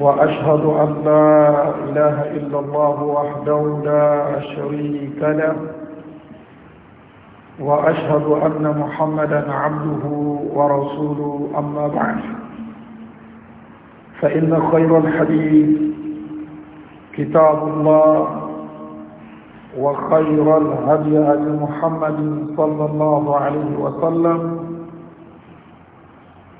وأشهد أن لا إله إلا الله وحده لا شريك له وأشهد أن محمدا عبده ورسوله أما بعد فإن خير الحديث كتاب الله وخير الهدي هدي محمد صلى الله عليه وسلم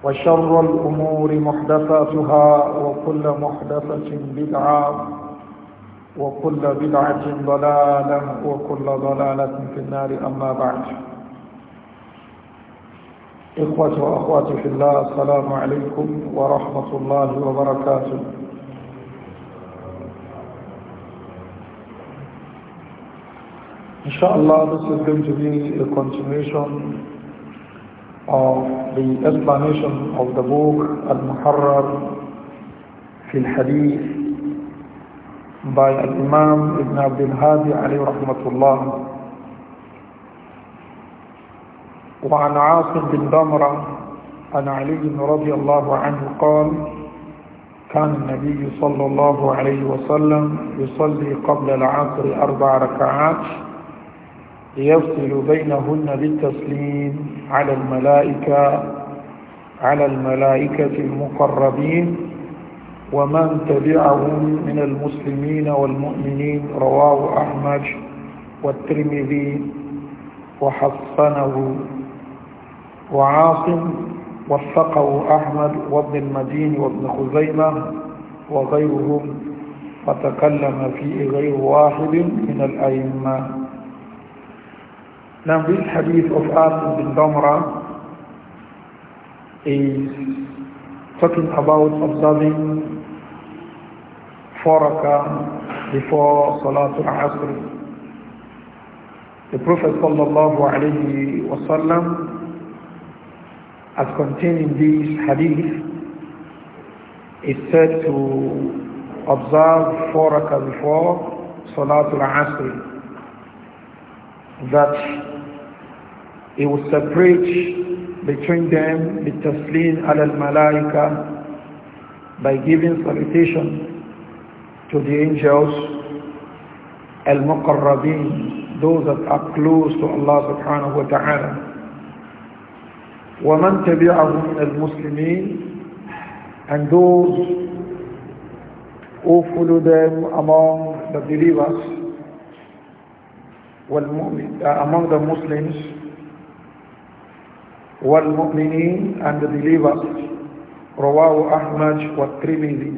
وشر الأمور محدثاتها وكل محدثة بدعة وكل بدعة ضلالة وكل ضلالة في النار أما بعد إخوة وأخواتي في الله السلام عليكم ورحمة الله وبركاته إن شاء الله this is going to be a continuation of the explanation of the book Al-Muharrar في Hadith by imam Ibn Abdul Hadi عليه رحمة الله وعن عاصم بن دمرة عن علي رضي الله عنه قال كان النبي صلى الله عليه وسلم يصلي قبل العصر أربع ركعات يفصل بينهن بالتسليم على الملائكة على الملائكة المقربين ومن تبعهم من المسلمين والمؤمنين رواه أحمد والترمذي وحسنه وعاصم وثقه أحمد وابن المدين وابن خزيمة وغيرهم فتكلم فيه غير واحد من الأئمة Now this hadith of Asim bin Damra is talking about observing Faraka before Salatul Asr. The Prophet sallallahu alayhi wasallam as containing this hadith is said to observe Faraka before Salatul Asr that he will separate between them the taslim al-malaika by giving salutation to the angels al-muqarrabin those that are close to Allah subhanahu wa ta'ala ومن تبعهم من المسلمين and those who follow them among the believers والmu'min, uh, among the Muslims والمؤمنين and the believers رواه أحمد والترمذي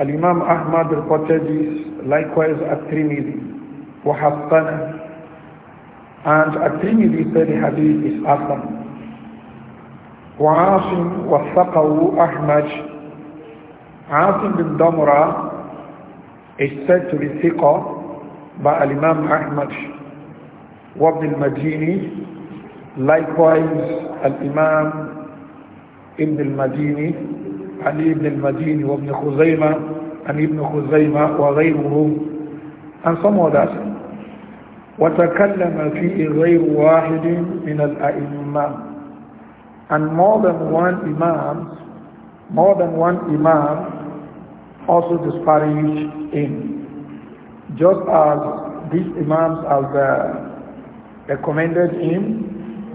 الإمام أحمد reported this likewise الترمذي وحسنه and الترمذي said the hadith is حسن وعاصم وثقه أحمد عاصم بن ضمرة is said to be ثقة by Imam Ahmad المديني al-Madini, likewise Al-Imam Ibn al-Madini, Ali ibn al-Madini, Ibn Khuzayma, and Ibn وغيرهم, and some others. وتكلم فيه غير واحد من الأئمة and more than one imam, more than one imam also disparaged him. Just as these Imams have uh, recommended him,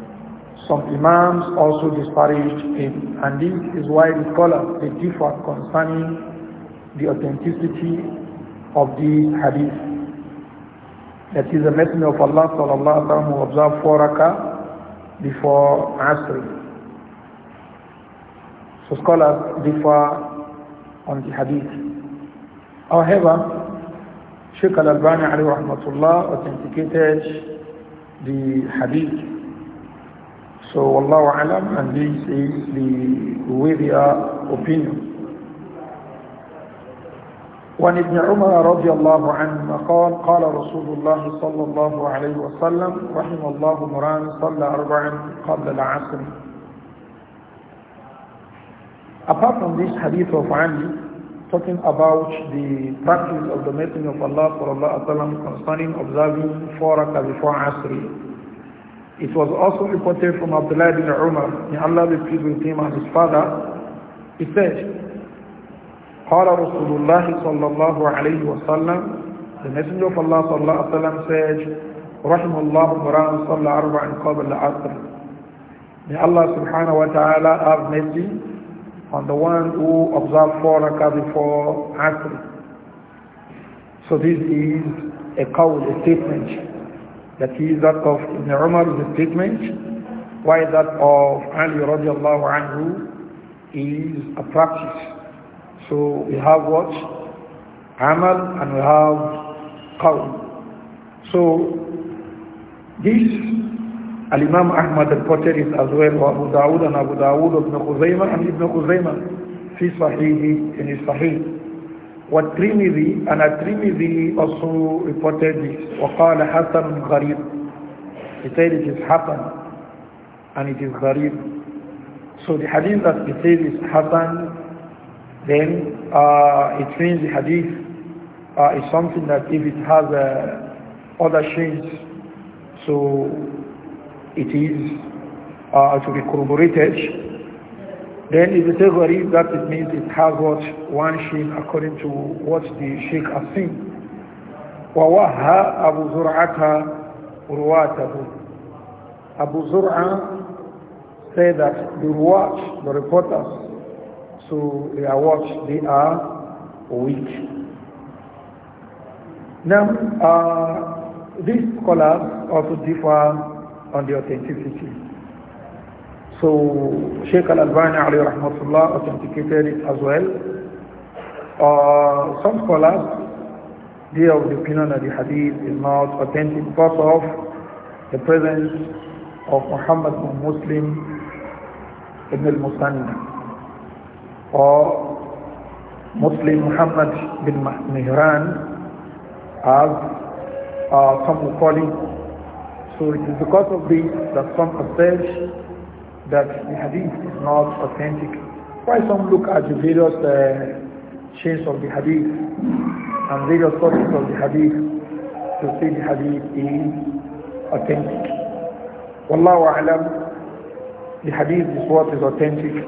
some Imams also disparaged him. And this is why the scholars they differ concerning the authenticity of the hadith. That is the Messenger of Allah sallallahu alaihi wasallam observed four rakah before Asr. So scholars differ on the hadith. However, Sheikh Al-Albani alayhi rahmatullah authenticated the hadith. So والله أعلم أن دي سي دي weightier أوبينيون وعن ابن عمر رضي الله عنه قال قال رسول الله صلى الله عليه وسلم رحم الله مران صلى أربعا قبل العصر Apart from this hadith of Ali, talking about the practice of the Messenger of Allah وسلم, concerning observing four rak'ahs before Asr. It was also reported from Abdullah bin Umar, may Allah be pleased with him and his father, he said, قال رسول الله صلى الله عليه وسلم The Messenger of Allah صلى الله عليه وسلم said, رحم الله مران صلى أربعا قبل العصر May Allah subhanahu wa ta'ala have mercy on the one who observed four rakah before Asr. So this is a qawl, a statement. That is that of Ibn Umar is a statement, while that of Ali radiallahu anhu is a practice. So we have what? Amal and we have qawl. So this الإمام imam Ahmad reported وابو as well, Abu Dawud and Abu Dawud of Ibn Khuzaymah and Ibn Khuzaymah fi والترمذي and الترمذي also reported this وقال حسن غريب he said it is حسن and it is غريب so the hadith that it says is حسن then uh, it means the hadith uh, is something that if it has uh, other chains so it is uh, to be corroborated. Then if you say gharib, that it means it has what one sheikh according to what the sheikh has seen. ووهى أبو زرعة رواته Abu Zur'a said that the watch, the reporters, so they are watch, they are weak. Now, uh, these scholars also differ on the authenticity. So Sheikh Al-Albani alayhi rahmatullah authenticated it as well. Uh, some scholars, they of the opinion that the hadith is not authentic because of the presence of Muhammad bin Muslim ibn al-Musanna or Muslim Muhammad bin Mihran as uh, some call him so it is because of this that some assert that the hadith is not authentic. Why some look at the various uh, chains of the hadith and various sources of the hadith to say the hadith is authentic. Wallahu alam, the hadith is what is authentic.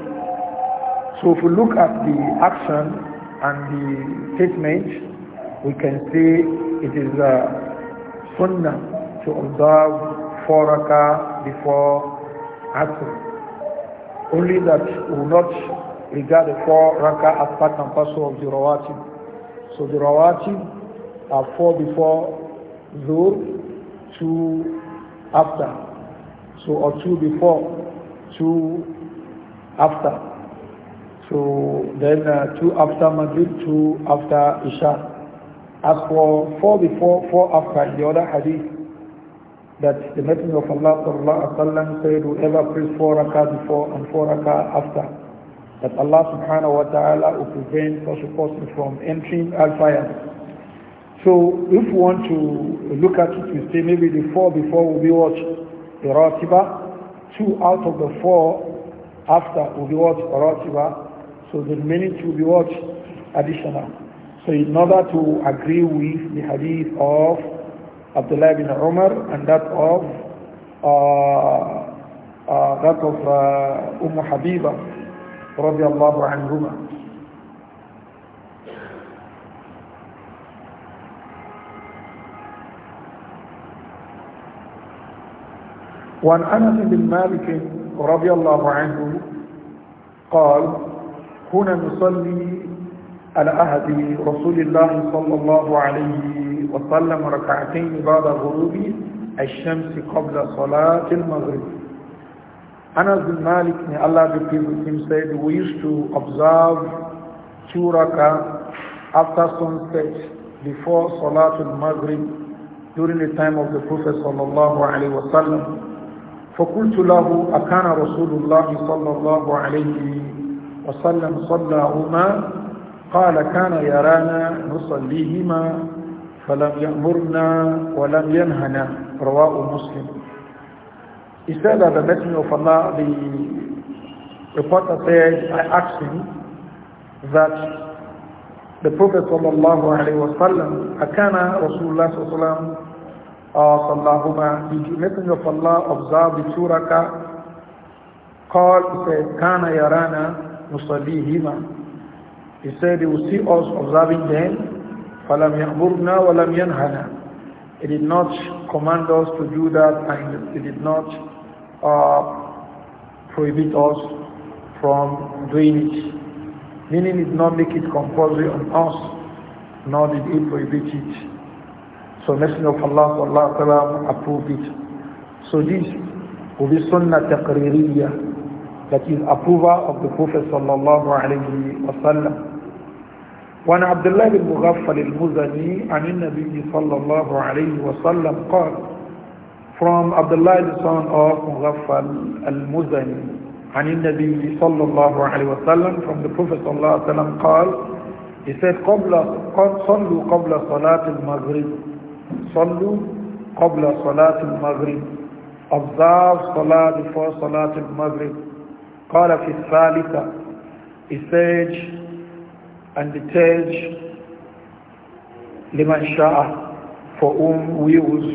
So if we look at the action and the statement, we can say it is uh, sunnah to observe four rakah before Asr. Only that will not regard the four rakah as part and parcel of the rawatib. So the rawatib are four before two after. So or two before, two after. So then uh, two after Maghrib, two after Isha. As for four before, four after in the other hadith, that the Messenger of Allah sallallahu alaihi wasallam said, whoever prays four rakah before and four rakah after, that Allah subhanahu wa ta'ala will prevent such a person from entering al-fire. So if we want to look at it, we say maybe the four before will be what? The ratiba. Two out of the four after will be what? Ratiba. So the remaining two will be what? Additional. So in order to agree with the hadith of Abdullah bin Umar and that of uh, uh, that of uh, Umm Habiba radiallahu anhuma. وعن انس بن مالك رضي الله عنه قال كنا نصلي على عهد رسول الله صلى الله عليه وسلم ركعتين بعد غروب الشمس قبل صلاة المغرب أنا ذو المالك من الله بكبير سيد ويشت أبزاب شورك after sunset before صلاة المغرب during the time of the Prophet صلى الله عليه وسلم فقلت له أكان رسول الله صلى الله عليه وسلم صلى هما قال كان يرانا نصليهما فلم يأمرنا ولم ينهنا رواه مسلم استاذ هذا متن وفما بقطة سيد I asked him that the Prophet صلى الله عليه وسلم أكان رسول الله صلى الله عليه وسلم صلى الله عليه وسلم متن of Allah observed the two قال كان يرانا نصليهما He said, "He will see us observing them. فَلَمْ يَأْمُرْنَا وَلَمْ يَنْهَنَا He did not command us to do that and he did not uh, prohibit us from doing it. Meaning he did not make it compulsory on us, nor did he prohibit it. So Messenger of Allah sallallahu alayhi wa approved it. So this will be sunnah taqririyah, that is approval of the Prophet sallallahu alayhi wa sallam. وعن عبد الله بن مغفل المزني عن النبي صلى الله عليه وسلم قال from Abdullah the son of Mughaffal al عن النبي صلى الله عليه وسلم from the Prophet صلى الله عليه وسلم قال he said قبل صلوا قبل صلاة المغرب صلوا قبل صلاة المغرب observe صلاة before صلاة المغرب قال في الثالثة he said and the third لمن شاء for whom wills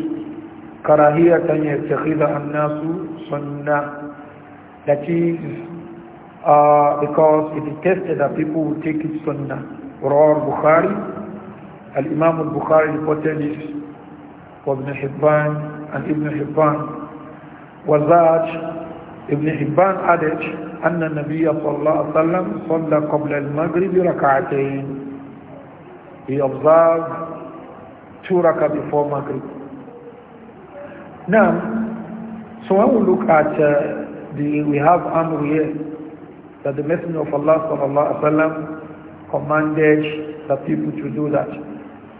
كراهية يتخذ الناس سنة that is uh, because it is tested that people will take it sunnah رواه البخاري الإمام البخاري reported this وابن حبان and Ibn Hibban وزاد Ibn Hibban added أن النبي صلى الله عليه وسلم صلى قبل المغرب ركعتين He observed two rakah before Maghrib. Now, so when we look at uh, the, we have Amr here, that the Messenger of Allah sallallahu alaihi wasallam commanded the people to do that.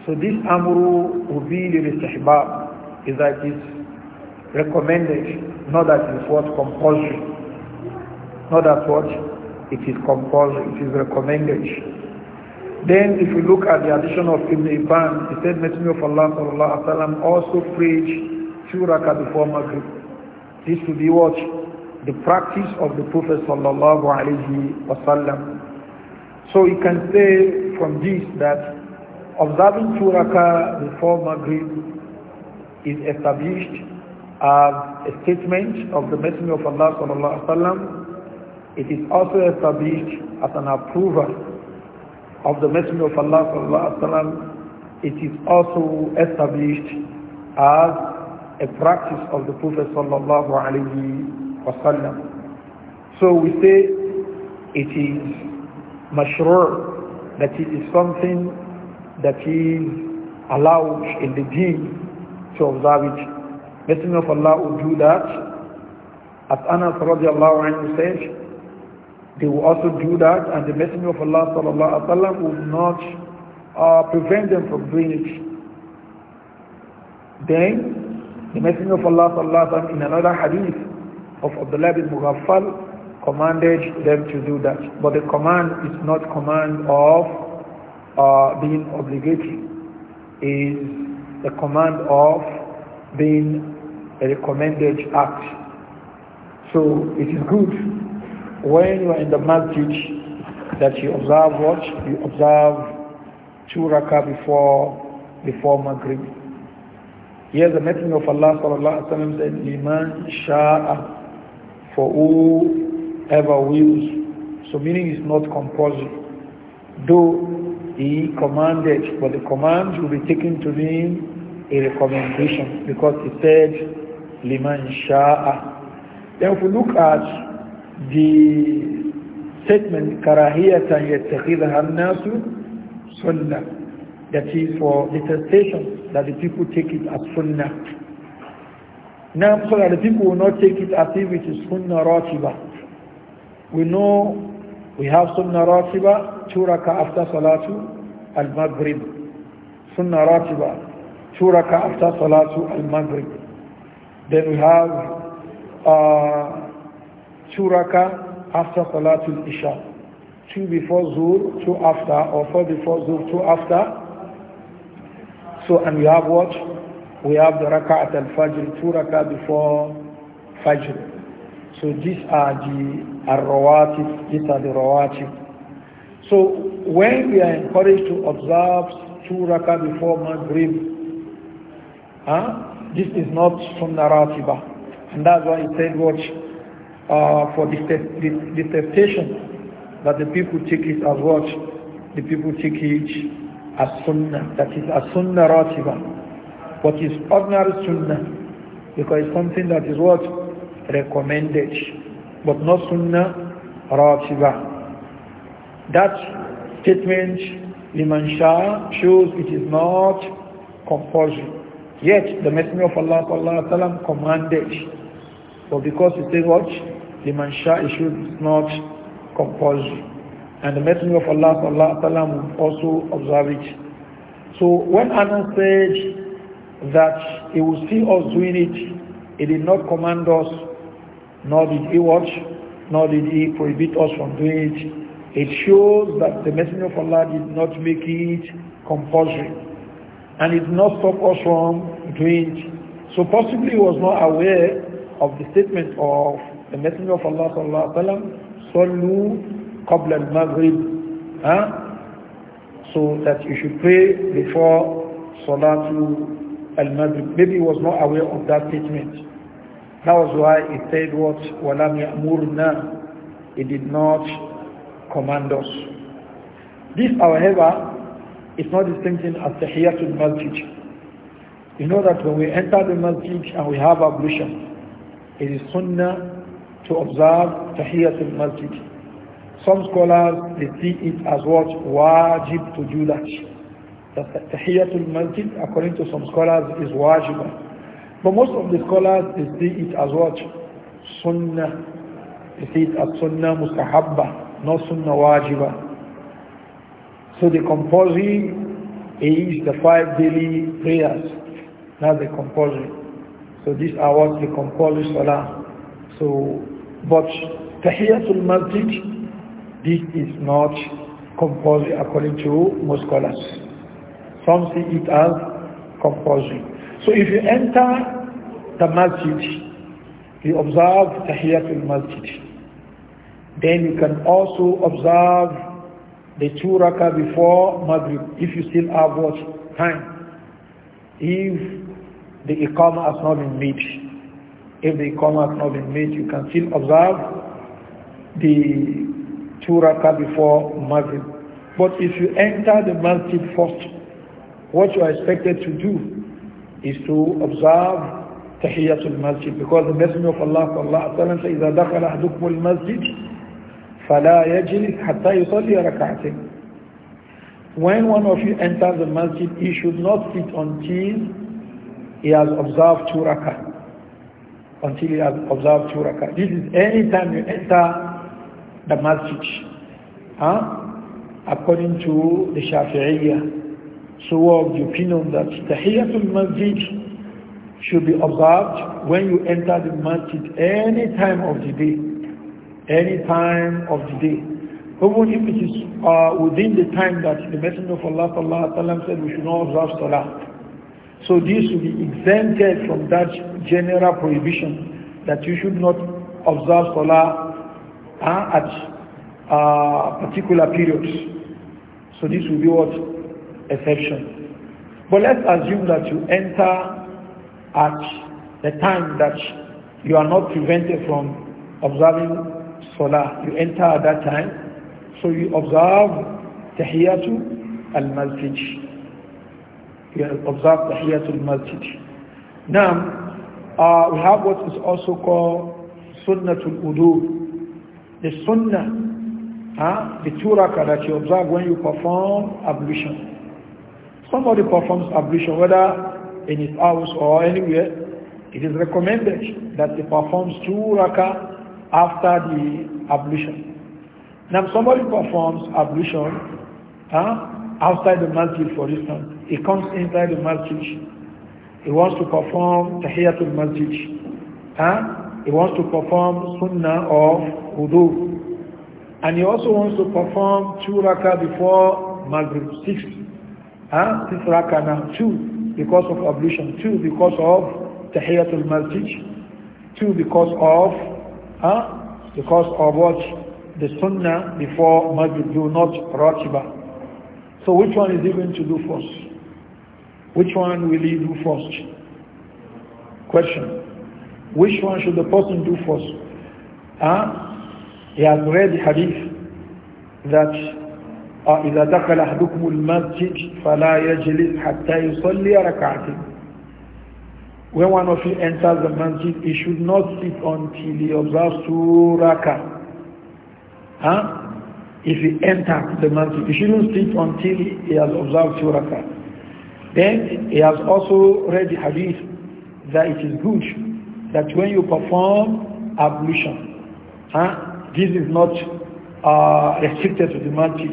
So this Amru will be the istihbab, is that it's recommended, not that it's what compulsory. Not that what? It is compulsory, it is recommended. Then if you look at the addition of Ibn Ibn, he said Messenger of Allah sallallahu wa wasallam also preached two rakah before Maghrib. This to be what? The practice of the Prophet sallallahu alaihi wasallam. So you can say from this that observing two rakah before Maghrib is established as a statement of the Messenger of Allah sallallahu wa wasallam it is also established as an approver of the Messenger of Allah sallallahu It is also established as a practice of the Prophet sallallahu alaihi wasallam. So we say it is mashrur, that it is something that is allowed in the deen to observe it. Messenger of Allah would do that. As Anas radiallahu anhu said, they will also do that, and the Messenger of Allah sallallahu will not uh, prevent them from doing it. Then, the Messenger of Allah sallallahu in another hadith of Abdullah bin Mughaffal commanded them to do that. But the command is not command of uh, being obligatory. It is the command of being a recommended act. So it is good when you are in the masjid that you observe what? You observe two rakah before, before Maghrib. Here the Messenger of Allah sallallahu alaihi wasallam said, "Liman sha'a," for whoever wills. So meaning is not compulsory. Though he commanded, but the command will be taken to mean a recommendation because he said, "Liman sha'a." Then if we look at the statement karahiyatan yattakhidha an-nasu sunnah that is for detestation that the people take it as sunnah now so that the people will not take it as if it is sunnah ratiba we know we have sunnah ratiba two rakah after salatu al-maghrib sunnah ratiba two rakah after salatu al-maghrib then we have uh, two raka after Salatul Isha. Two before Zuhr, two after, or four before Zuhr, two after. So, and we have what? We have the Raka'at al-Fajr, two raka before Fajr. So these are the ar these are the Rawatib. So when we are encouraged to observe two raka before Maghrib, huh, this is not from Naratiba. And that's why he said, watch, uh, for the, temptation that the people take it as what? The people take it as sunnah, that is as sunnah ratiba. What is ordinary sunnah? Because it's something that is what? Recommended, but not sunnah ratiba. That statement, liman shah, shows it is not compulsory. Yet the Messenger of Allah sallam, commanded but because you say watch, The mansha issue is not compulsory. And the Messenger of Allah sallallahu also observe it. So when Allah said that he will see us doing it, he did not command us, nor did he watch, nor did he prohibit us from doing it. It shows that the Messenger of Allah did not make it compulsory and it did not stop us from doing it. So possibly he was not aware of the statement of the Messenger of Allah sallallahu alaihi wasallam, "Sallu qabla al-maghrib," huh? so that you should pray before salatu al-maghrib. Maybe he was not aware of that statement. That was why he said what "Walam ya'murna." He did not command us. This, however, is not the same thing as tahiyatul masjid. You know that when we enter the masjid and we have ablution, it is sunnah to observe Tahiyatul Masjid. Some scholars they see it as what wajib to do that. That Tahiyatul Masjid, according to some scholars, is wajib. But most of the scholars they see it as what sunnah. They see it as sunnah mustahabba, not sunnah wajiba. So the compulsory is the five daily prayers. Now the compulsory. So these are what we compulsory salah. So, but Tahiyatul Masjid, this is not compulsory according to most scholars. Some see it as compulsory. So if you enter the masjid, you observe Tahiyatul Masjid. Then you can also observe the two rakah before Maghrib if you still have what time. If the Iqamah has not been made. If the Iqamah has not been made, you can still observe the two rakah before Maghrib. But if you enter the masjid first, what you are expected to do is to observe Tahiyatul Masjid because the Messenger of Allah sallallahu alaihi says, إذا دخل أحدكم المسجد فلا يجلس حتى يصلي ركعتين. When one of you enters the masjid, he should not sit until he has observed two rakah. Until he has observed two rakah. This is any time you enter the masjid. Huh? According to the Shafi'iyya. So of the opinion that Tahiyatul Masjid should be observed when you enter the masjid any time of the day. Any time of the day. Even if it is uh, within the time that the Messenger of Allah said we should not observe Salah. So this will be exempted from that general prohibition that you should not observe Salah uh, at uh, particular periods. So this will be what? Exception. But let's assume that you enter at the time that you are not prevented from observing Salah. You enter at that time. So you observe tahiyatu al-Masjid you observe Tahiyatul Masjid. Now, uh, we have what is also called Sunnatul Udu. The Sunnah, huh? the Turaka that you observe when you perform ablution. Somebody performs ablution, whether in his house or anywhere, it is recommended that he performs two raka after the ablution. Now, somebody performs ablution huh, outside the masjid, for instance, he comes inside the masjid. He wants to perform tahiyatul masjid. Huh? He wants to perform sunnah of wudu. And he also wants to perform two rakah before Maghrib, six. Huh? Six rakah now, two because of ablution, two because of tahiyatul masjid, two because of, huh? because of what? The sunnah before Maghrib, do not rachiba. So which one is he going to do first? Which one will he do first? Question. Which one should the person do first? Huh? Ah, he has read hadith that ah, إذا دخل أحدكم المسجد فلا يجلس حتى يصلي ركعتين when one of you enters the masjid, he should not sit until he observes two rakah. Huh? Ah, if he enters the masjid, he shouldn't sit until he has observed two rakah. Then he has also read the hadith that it is good that when you perform ablution, huh, this is not uh, restricted to the masjid.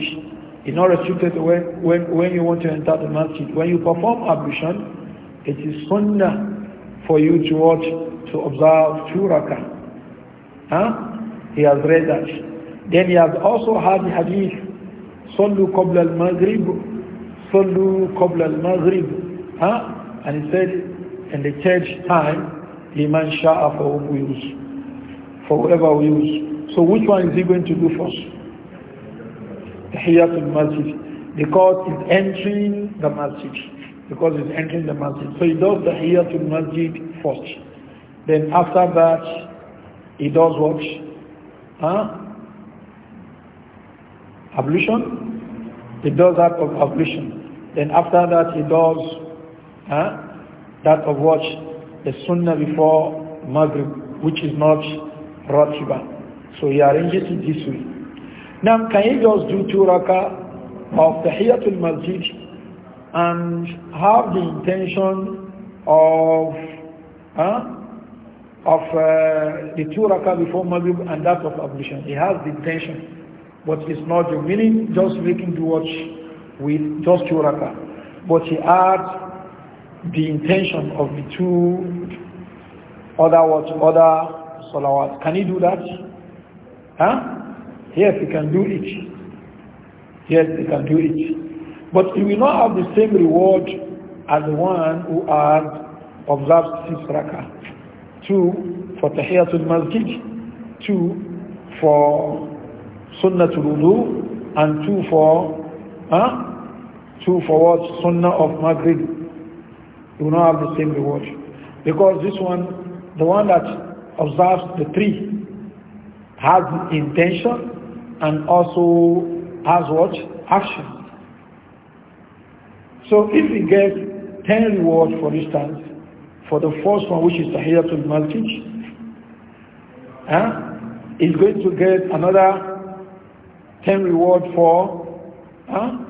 It's not restricted to when, when, when you want to enter the masjid. When you perform ablution, it is sunnah for you to watch, to observe two rakah. Huh? He has read that. Then he has also had the hadith, صلوا قبل المغرب صلوا قبل المغرب huh? and he said in the third time لمن شاء فهو يوز for whoever wills so which one is he going to do first تحيات المسجد because it's entering the masjid because it's entering the masjid so he does the tahiyatul masjid first then after that he does what huh? ablution he does that of ablution then after that he does huh, that of watch The sunnah before Maghrib, which is not Ratiba. So he arranges it this way. Now can he just do two rakah of Tahiyatul Masjid and have the intention of huh, of uh, the two rakah before Maghrib and that of ablution. He has the intention, but it's not the meaning, just making the watch with just two But he had the intention of the two other what other salawat. Can he do that? Huh? Yes, he can do it. Yes, he can do it. But he will not have the same reward as the one who had observed six rakah. Two for tahiyatul masjid, two for sunnatul wudu, and two for huh? two for what? Sunnah of Maghrib. do not have the same reward. Because this one, the one that observes the three, has intention and also has what? Action. So if he get 10 rewards, for instance, for the first one, which is Tahiyatul Malkij, huh, is going to get another 10 reward for huh,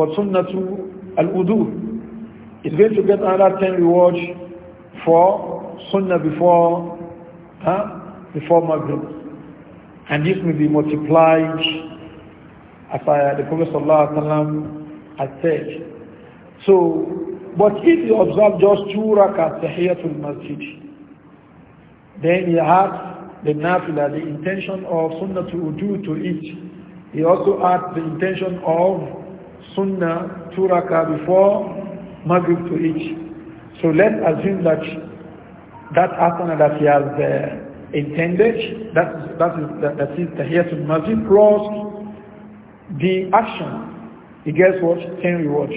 for Sunnatu al-Udu. He's going to get another 10 rewards for Sunnah before, huh, before Maghrib. And this will be multiplied as I, the Prophet Sallallahu has said. So, but if you observe just two rakat tahiyatul masjid, then you have the nafila, the intention of sunnatul wudu to it. He also had the intention of sunnah two rakah before Maghrib to each. So let's assume that that asana that he has uh, intended, That is thats that is that, that is the here to maghrib cross the action. He gets what? Ten rewards.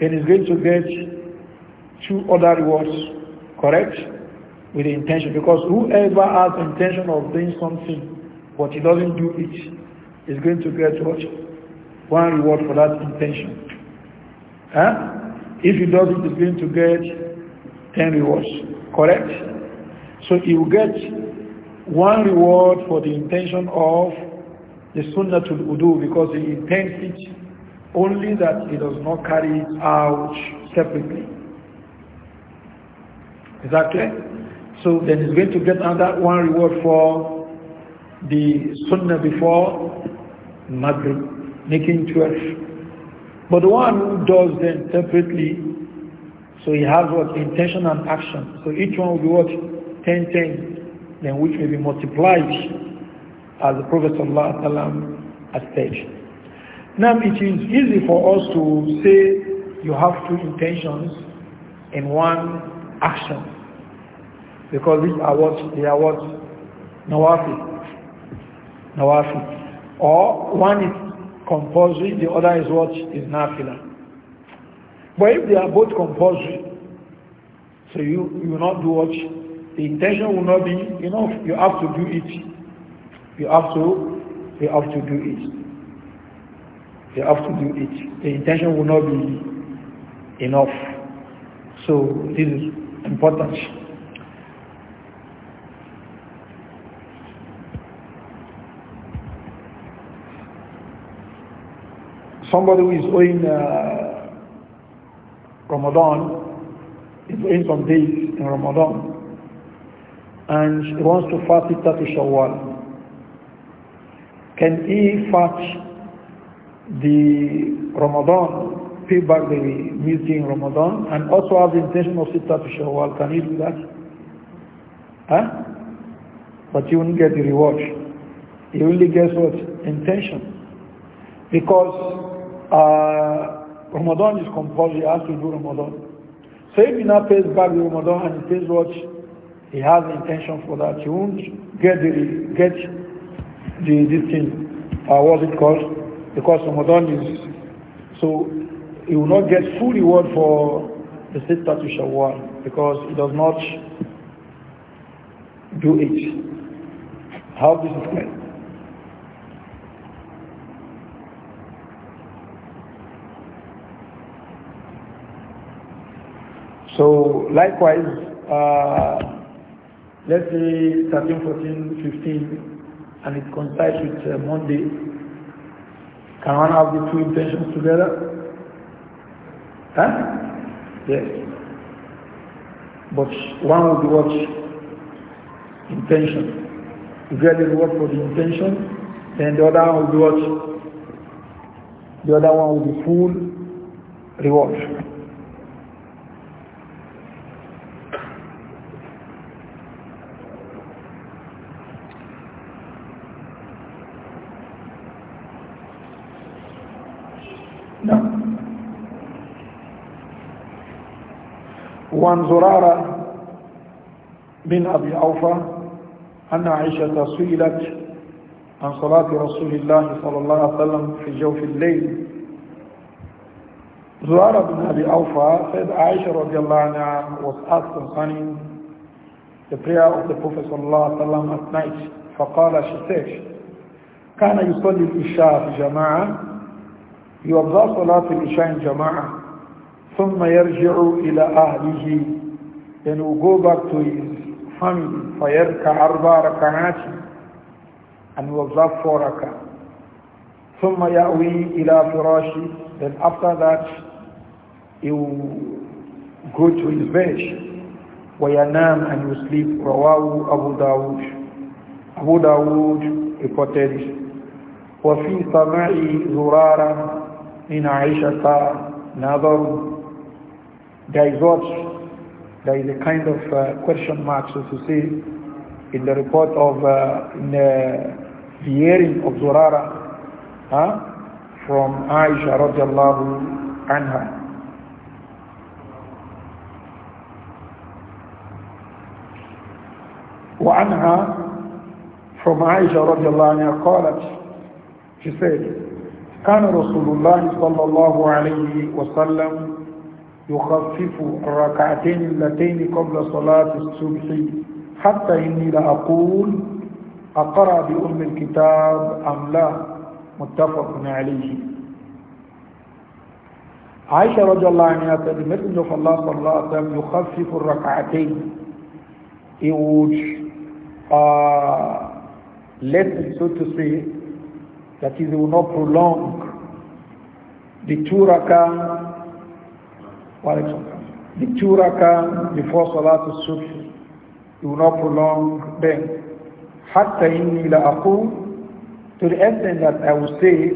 And he's going to get two other rewards, correct? With the intention. Because whoever has intention of doing something but he doesn't do it is going to get what? one reward for that intention. Huh? If he does it, he's going to get 10 rewards. Correct? So he will get one reward for the intention of the sunnah to do because he intends it only that he does not carry it out separately. Is that clear? So then he's going to get another one reward for the sunnah before Maghrib making 12. But the one who does them separately, so he has what? Intention and action. So each one will be what? 10, 10, then which will be multiplied as the Prophet ﷺ has said. Now it is easy for us to say you have two intentions in one action. Because these are what? They are what? Nawafi. Nawafi. Or one is compulsory, the other is what is nafila. But if they are both compulsory, so you, you will not do what? The intention will not be enough. You have to do it. You have to, you have to do it. You have to do it. The intention will not be enough. So this is important. somebody who is owing uh, Ramadan, is owing some days in Ramadan, and he wants to fast it to Shawwal. Can he fast the Ramadan, pay back the meeting in Ramadan, and also have the intention of Sitta to Shawwal? Can he do that? Huh? But you won't get the reward. You only get what? Intention. Because uh, Ramadan is compulsory, he has to do Ramadan. So if he now pays back the Ramadan and he pays what he has the intention for that, he won't get the, get the, this thing, uh, what it called? Because Ramadan is, so he will not get full reward for the sister shall want because he does not do it. How this is clear. So likewise, uh, let's say 13, 14, 15, and it coincides with uh, Monday. Can one have the two intentions together? Huh? Yes. But one will be what? Intention. You get the reward for the intention, then the other one will be what? The other one will be full reward. وعن زرارة بن أبي أوفى أن عائشة سئلت عن صلاة رسول الله صلى الله عليه وسلم في جوف الليل زرارة بن أبي أوفى سيد عائشة رضي الله عنها was asked concerning the prayer of the Prophet صلى الله عليه وسلم at night فقال she said كان يصلي الإشاء في جماعة يوضع صلاة الإشاء جماعة ثم يرجع إلى أهله إنه go back to his family فيركع أربع ركعات أن يوظف ركع ثم يأوي إلى فراشه then after that he will go to his bed وينام أن يسليب رواه أبو داود أبو داود يقتل وفي سماع زرارا من عائشة نظر there is what? There is a kind of uh, question mark, so to say, in the report of uh, in, the hearing of Zurara huh, from Aisha radiallahu anha. وعنها from Aisha رضي الله عنها قالت she said كان رسول الله صلى الله عليه وسلم يخفف الركعتين اللتين قبل صلاة الصبح حتى إني لأقول أقرأ بأم الكتاب أم لا متفق عليه عائشة رضي الله عنها تدمت أن الله صلى الله عليه وسلم يخفف الركعتين يوج uh, let uh, so to say, that is, he will not prolong the two rakah The two rakah before Salatul Subh, you will not prolong them. حتى إني لأقول to the extent that I will say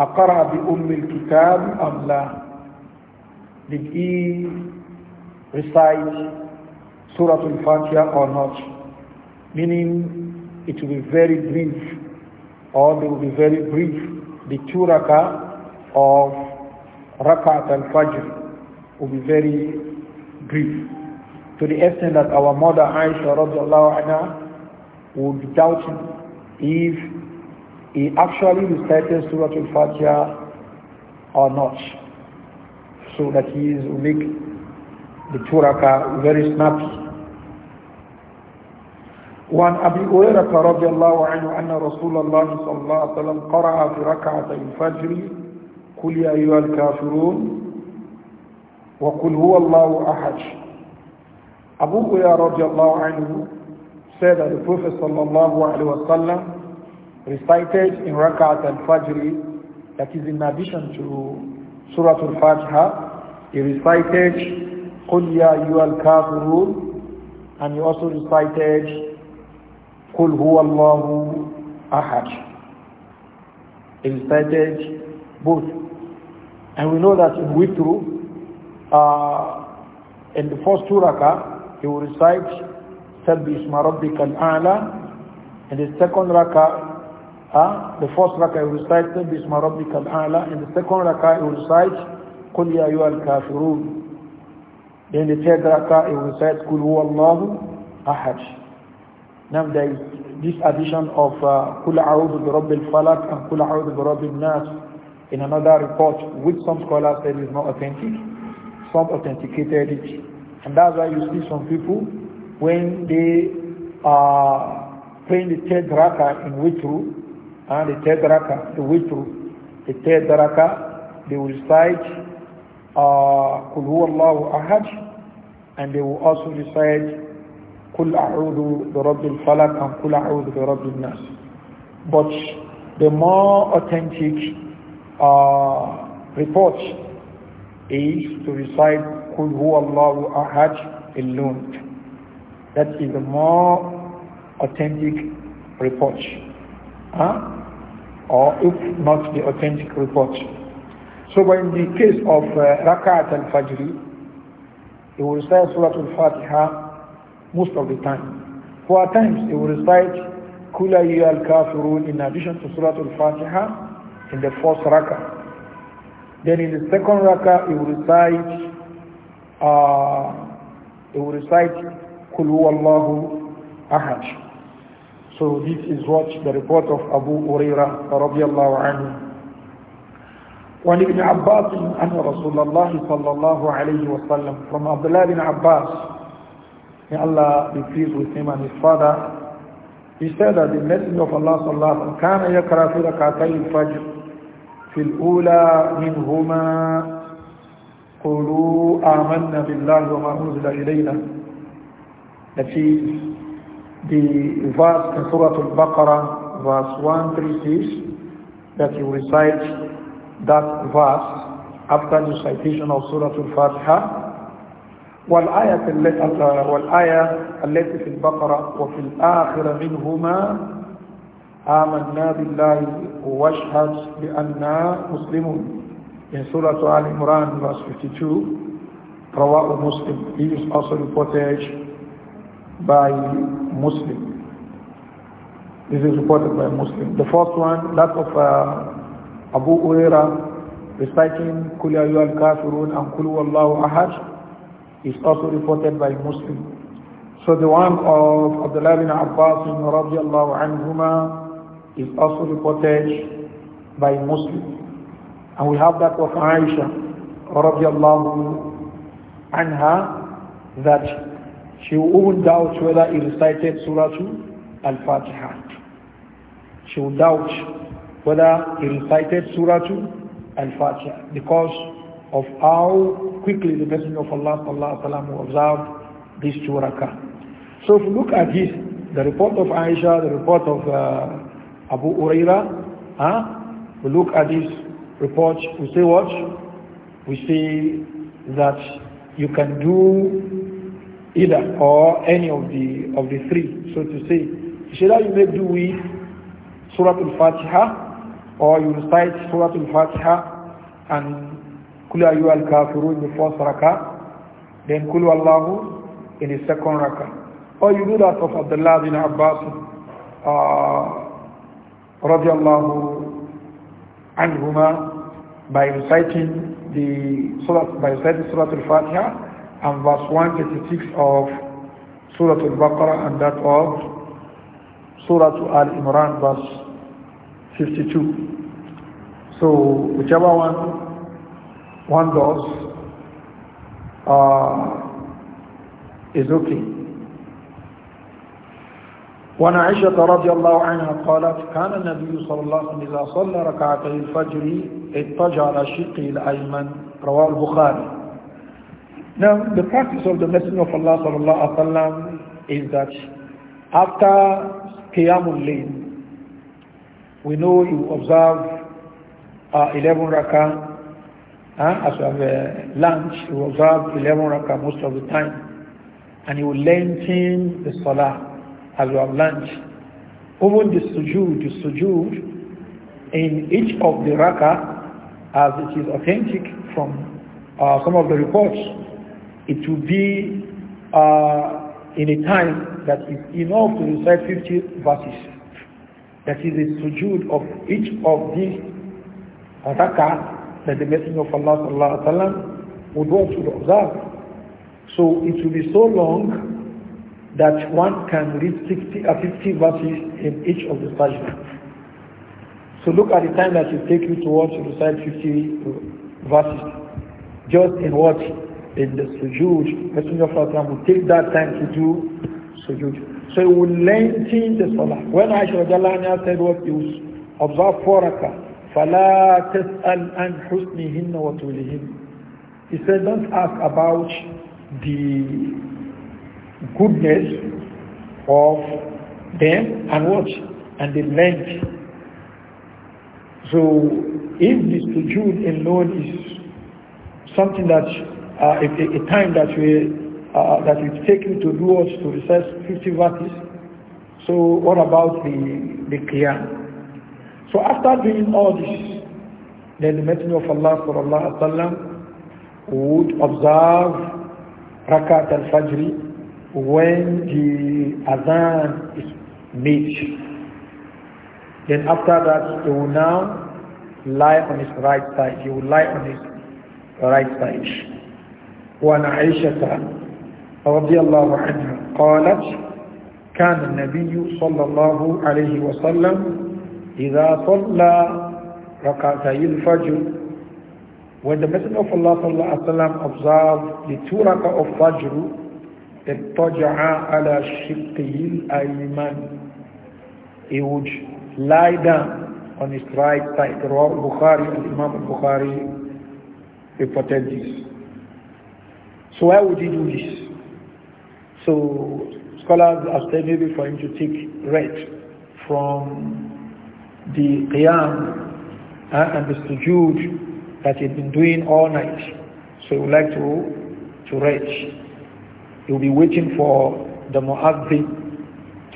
أقرأ بأم الكتاب أم لا did he recite Surah Al-Fatiha or not meaning it will be very brief or they will be very brief the two rakah of Rakat Al-Fajr will be very grief to the extent that our mother Aisha radiallahu anha would doubt if he actually recited Surah Al-Fatiha or not. So that he is will make the turaka very snappy. وعن أبي هريرة رضي الله عنه أن رسول الله صلى الله عليه وسلم قرأ في ركعة الفجر قل يا أيها الكافرون وقل هو الله أحد Abu Hurairah radiallahu anhu said that the Prophet sallallahu alaihi wasallam recited in Rakat al-Fajr that is in addition to Surah al-Fatiha he recited قُلْ يَا ayyuhal kafirun and he also recited قُلْ هُوَ اللَّهُ أَحَدٌ. he recited both and we know that in Witru uh, in the first two rakah, he will recite Sabbi Isma Rabbika Al-A'la. In the second rakah, uh, the first rakah he will recite Sabbi Isma Rabbika Al-A'la. In the second rakah he will recite Qul Ya Ayyuhal Kafirun. In the third rakah he will recite Qul Allahu Ahad. Now there is this addition of uh, Qul A'udhu Bi Rabbil Falak and Qul A'udhu Bi Rabbil Nas in another report which some scholars said is not authentic. Swab authenticated it. And that's why you see some people, when they are praying the third raka in witru, and the third raka, the witru, the third raka, they will recite uh, Allahu Ahad, and they will also recite Kul A'udhu bi Rabbil Falak and Kul A'udhu the Rabbil Nas. But the more authentic uh, reports is to recite Kul Allahu Ahad alone. That is a more authentic report. Huh? Or if not the authentic report. So in the case of uh, Rakat al-Fajr, he will recite Surah Al-Fatiha most of the time. Four times he will recite Kula al-Kafirun in addition to Surah Al-Fatiha in the first Rakat. Then in the second rakah, he will recite, uh, he will recite, Kul Allahu Ahad. So this is what the report of Abu Uraira radiallahu anhu. وعن ابن عباس أن رسول الله صلى الله عليه وسلم from Abdullah bin Abbas may Allah be pleased with him and his father he said that the messenger of Allah صلى الله عليه وسلم كان يقرأ في ركعتي الفجر في الأولى منهما قولوا آمنا بالله وما أنزل إلينا التي the verse in Surah Al-Baqarah verse 136 that you recite that verse after the citation of Surah Al-Fatiha والآية التي في البقرة وفي الآخرة منهما آمنا بالله واشهد بأننا مسلمون in Surah Al Imran verse 52 Rawah Muslim he is also reported by Muslim this is reported by Muslim the first one that of uh, Abu Uraira reciting Kul Al Kafirun and Kul Wallahu Ahad is also reported by Muslim so the one of Abdullah bin Abbas radiallahu anhumah is also reported by Muslim. And we have that of Aisha radiallahu anha that she would doubt whether he recited Surah Al-Fatiha. She would doubt whether he recited Surah Al-Fatiha because of how quickly the Messenger of Allah sallallahu observed this two rakah. So if you look at this, the report of Aisha, the report of uh, Abu Uraira. Huh? We look at this report, we say what? We say that you can do either or any of the of the three, so to say. Shall you may do with Surah Al-Fatiha or you recite Surah Al-Fatiha and Kula Ayu al in the first raka, then Kul Allahu in the second raka, Or you do that of Abdullah bin Abbas uh, radiallahu anhuma by reciting the Surah, by reciting Surah Al-Fatiha and verse 136 of Surah Al-Baqarah and that of Surah Al-Imran verse 52. So whichever one one does uh, is okay. وعن عائشة رضي الله عنها قالت كان النبي صلى الله عليه وسلم صلى ركعتي الفجر على شقه الأيمن رواه البخاري Now the practice of the Messenger of Allah صلى الله عليه وسلم is that after Qiyamul Layl we know you observe uh, 11 rakah uh, as we have uh, lunch you observe 11 rakah most of the time and you lengthen the salah as we have learned. Even the sujood, the sujood in each of the raka, as it is authentic from uh, some of the reports, it will be uh, in a time that is enough to recite 50 verses. That is the sujood of each of these raka that the Messenger of Allah sallallahu alaihi wasallam would want to observe. So it will be so long that one can read 60 or uh, 50 verses in each of the sajda. So look at the time that it take you towards to recite 50 uh, verses. Just in what? In the sujood. Messenger of Allah will take that time to do sujood. So it will lengthen the salah. When Aisha Jalani said what you observe four rakah, فَلَا تَسْأَلْ أَنْ حُسْنِهِنَّ وَطُولِهِنَّ He said, don't ask about the goodness of them and what? And the length. So if this the and alone is something that uh, a, a, time that we uh, that it takes you to do us to research 50 verses. So what about the the qiyam? So after doing all this, then the Messenger of Allah sallallahu Allah would observe rakat al-fajr when the Adhan is made. Then after that, he will now lie on his right side. He will lie on his right side. وعن عائشة رضي الله عنها قالت كان النبي صلى الله عليه وسلم إذا صلى ركعتي الفجر When the Messenger of Allah صلى الله عليه وسلم observed the two rak'ah of Fajr, اطجع على شقه الأيمن He would lie down on his right side. Rawah Bukhari, Imam Bukhari reported this. So why would he do this? So scholars have said maybe for him to take rest from the qiyam uh, and the sujood that he'd been doing all night. So he would like to, to rest. He'll be waiting for the Mu'addin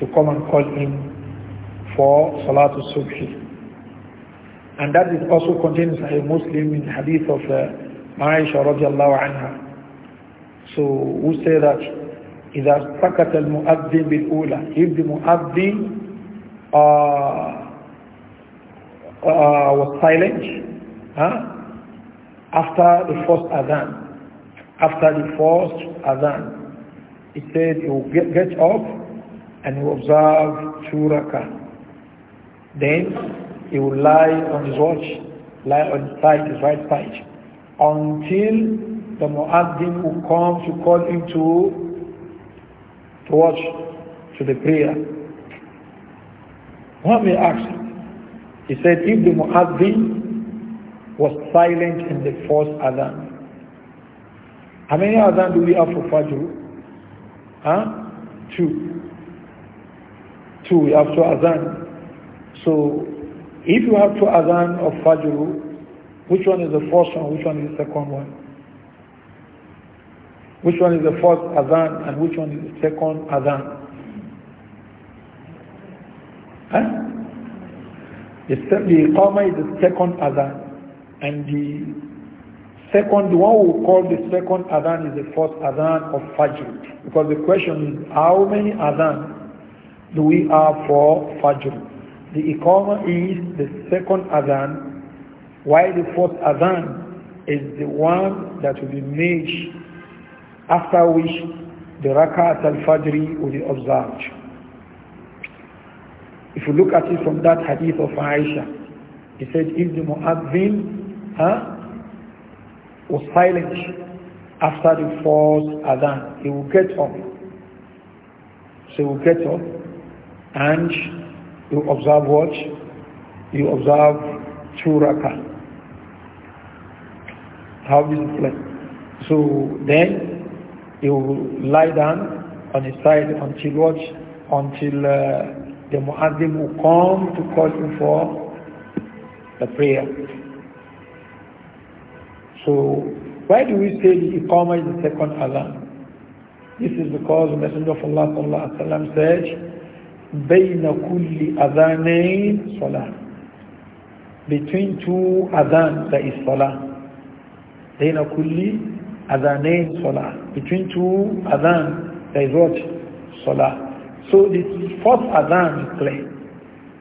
to come and call him for Salatul Subhi. And that is also contains a Muslim in hadith of uh, Aisha radiallahu anha. So who say that إذا سكت المؤذن بالأولى if the muaddin uh, uh, was silent huh? after the first adhan after the first adhan he said he will get, get up and he will observe two rakah. Then he will lie on his watch, lie on his side, his right side, until the muaddin will come to call him to, to watch, to the prayer. What may ask, he said, if the muaddin was silent in the first adhan, how many adhan do we have for Fajr? Huh? Two. Two, you have two azan. So, if you have two azan of Fajr, which one is the first one, which one is the second one? Which one is the first azan and which one is the second azan? Huh? The Iqamah is the second azan, and the Second, one we call the second Adhan is the first Adhan of Fajr. Because the question is, how many Adhan do we have for Fajr? The Iqamah is the second Adhan, while the first Adhan is the one that will be made after which the Rakat al-Fajr will be observed. If you look at it from that hadith of Aisha, he said, if the Mu'adhin, huh, was silent after the fourth adhan. He will get up. So he will get up and you observe what? You observe two rakah. How is it like? So then you lie down on his side until what? Until uh, the muazzin will come to call you for the prayer. So why do we say the iqama is the second Adhan? This is because the Messenger of Allah sallallahu alaihi wasallam said, بين كل أذانين صلاة between two adhan there is salah between two adhan there is what salah so the first adhan is clear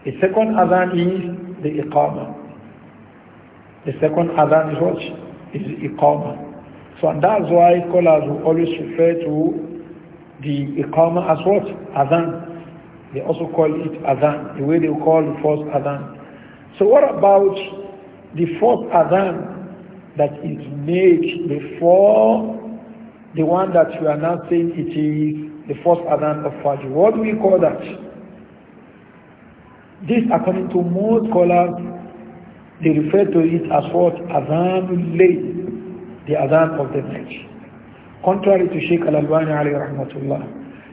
the second adhan is the iqama the second adhan is what is Iqamah. So and that's why scholars will always refer to the Iqamah as what? Adhan. They also call it Adhan, the way they call the first Adhan. So what about the fourth Adhan that is made before the one that you are now saying it is the first Adhan of Fajr? What do we call that? This according to most scholars they refer to it as what? Adhan lay, the Adhan of the night. Contrary to Sheikh Al-Albani alayhi rahmatullah.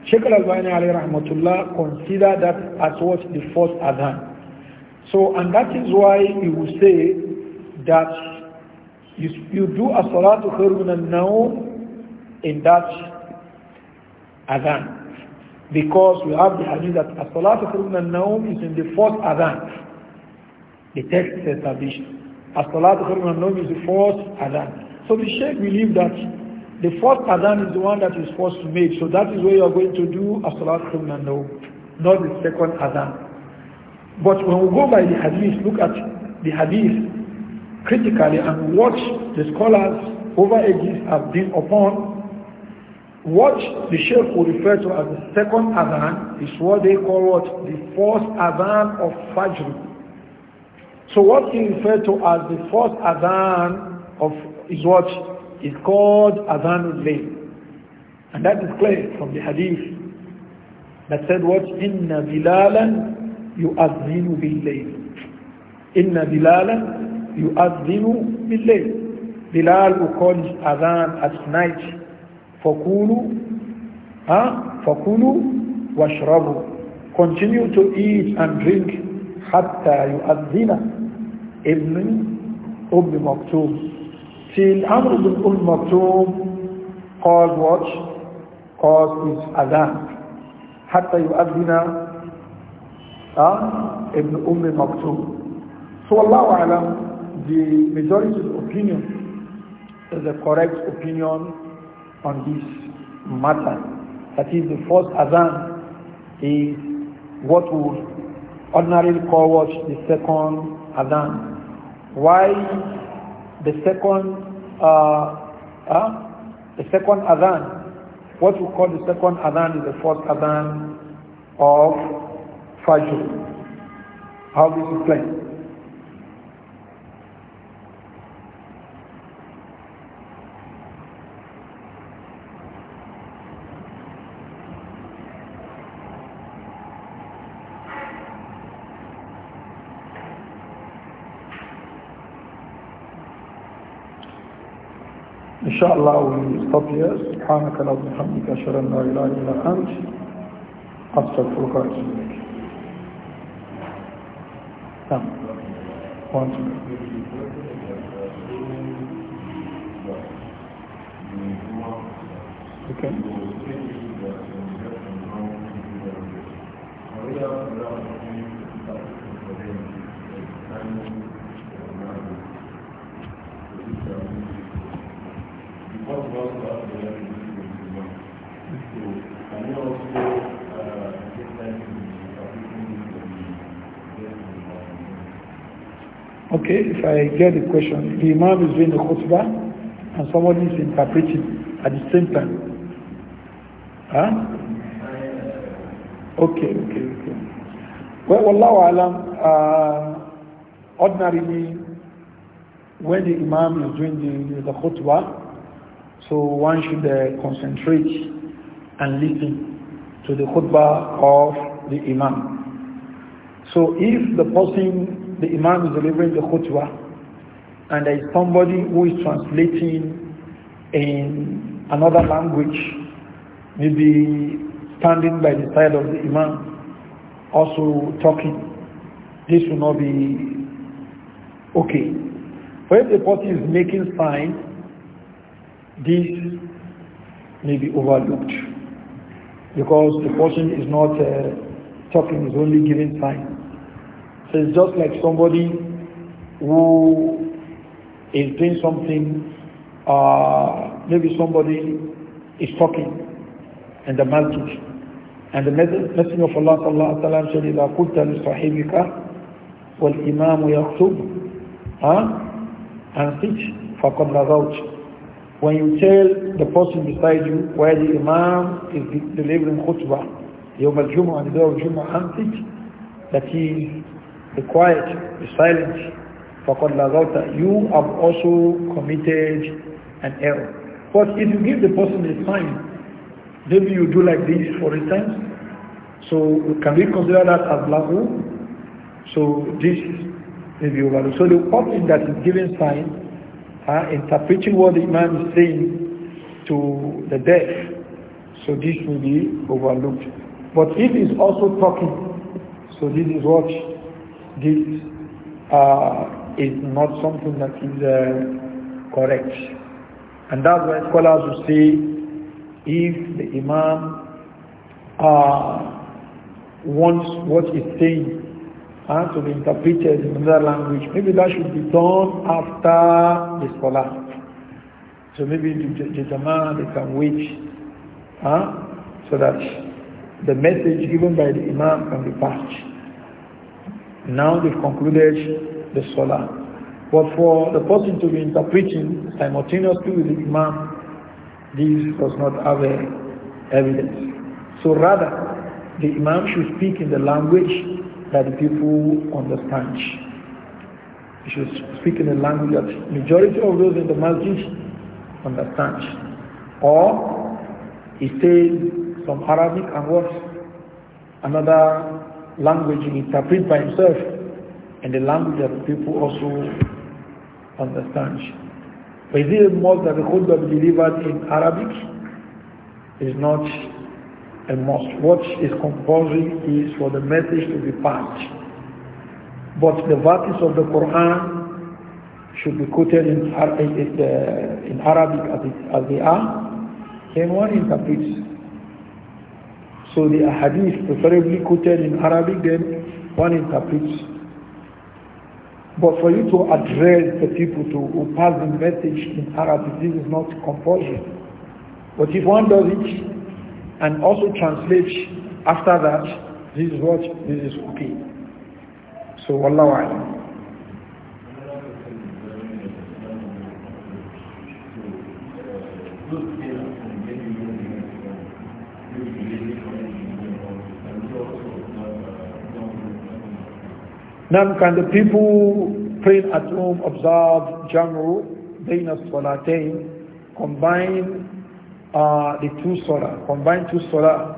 Sheikh Al-Albani alayhi rahmatullah consider that as what the first Adhan. So, and that is why he will say that you, you do a Salatul khairun al-nawm in that Adhan. Because we have the hadith that a Salatul khairun al-nawm is in the fourth Adhan. The text is established. As-salatu khairun min is the fourth Adam. So the Sheikh believe that the fourth Adam is the one that is first made. So that is where you are going to do as-salatu khairun min not the second Adam. But when we go by the hadith, look at the hadith critically and watch the scholars over ages have been upon what the Sheikh will refer to as the second Adhan is what they call what? The fourth Adhan of Fajr. So what he referred to as the first Adhan of his watch is called Adhan al-Layl. And that is clear from the hadith that said what? Inna bilalan yu'adhinu bil-Layl. Inna bilalan yu'adhinu bil-Layl. Bilal who call Adhan at night. Fakulu, huh? Fakulu washrabu. Continue to eat and drink hatta yu'adhina ibn Umm Maktoum. Till Amr ibn Umm Maktoum called what? Called his adhan. حتى يؤذن ابن أم مكتوم. So Allah Alam, the majority opinion is the correct opinion on this matter. That is the first adhan is what would ordinarily call watch the second adhan. Why the second uh, uh, the second adhan? What we call the second adhan is the first adhan of Fajr. How this is explained. insha Allah we stop here سبحانك اللهم وبحمدك أشهد أن لا إله إلا أنت أستغفرك وأتوب إليك نعم وأنت Okay. Okay, if I get the question, the Imam is doing the khutbah and somebody is interpreting at the same time. Huh? Okay, okay, okay. Well, Wallahu Alam, uh, ordinarily, when the Imam is doing the, the khutbah, so one should uh, concentrate and listen to the khutbah of the Imam. So if the person the Imam is delivering the khutbah and there is somebody who is translating in another language, maybe standing by the side of the Imam, also talking, this will not be okay. But if the person is making signs, this may be overlooked because the person is not uh, talking, is only giving signs. So it's just like somebody who is doing something, uh, maybe somebody is talking in the masjid. And the Messenger of Allah sallallahu alayhi wa said, إِذَا قُلْتَ لِصَحِبِكَ وَالْإِمَامُ يَخْتُبُ huh? And sit, فَقَدْ نَظَوْتِ When you tell the person beside you where the Imam is delivering khutbah, يوم الجمعة, the day of Jum'ah, and teach that he be quiet, be silent. فَقَدْ لَغَوْتَ You have also committed an error. But if you give the person a sign, maybe you do like this, for instance, so can we consider that as lagu? So this may be overlooked. So the person that is giving sign, uh, interpreting what the man is saying to the deaf, so this will be overlooked. But if he's also talking, so this is what this uh, is not something that is uh, correct. And that's why scholars will say if the Imam uh, wants what he's saying uh, to be interpreted in another language, maybe that should be done after the scholar. So maybe the, the Jama'ah, they can wait uh, so that the message given by the Imam can be passed. Now they've concluded the Salah. But for the person to be interpreting simultaneously with the Imam, this does not have evidence. So rather, the Imam should speak in the language that the people understand. He should speak in the language that majority of those in the masjid understand. Or he says some Arabic and what? Another language he interprets by himself and the language that people also understand. But is it most that the khutbah be delivered in Arabic? Is not a must. What is compulsory is for the message to be passed. But the verses of the Quran should be quoted in, uh, in, uh, in Arabic as, it, as they are. Then one interprets so the hadith preferably quoted in Arabic then one interprets. But for you to address the people to who pass the message in Arabic, this is not compulsory. But if one does it and also translates after that, this is what this is okay. So Allah. Now can the people praying at home observe Jamru, Bain Salatain, combine uh, the two Salah, combine two Salah,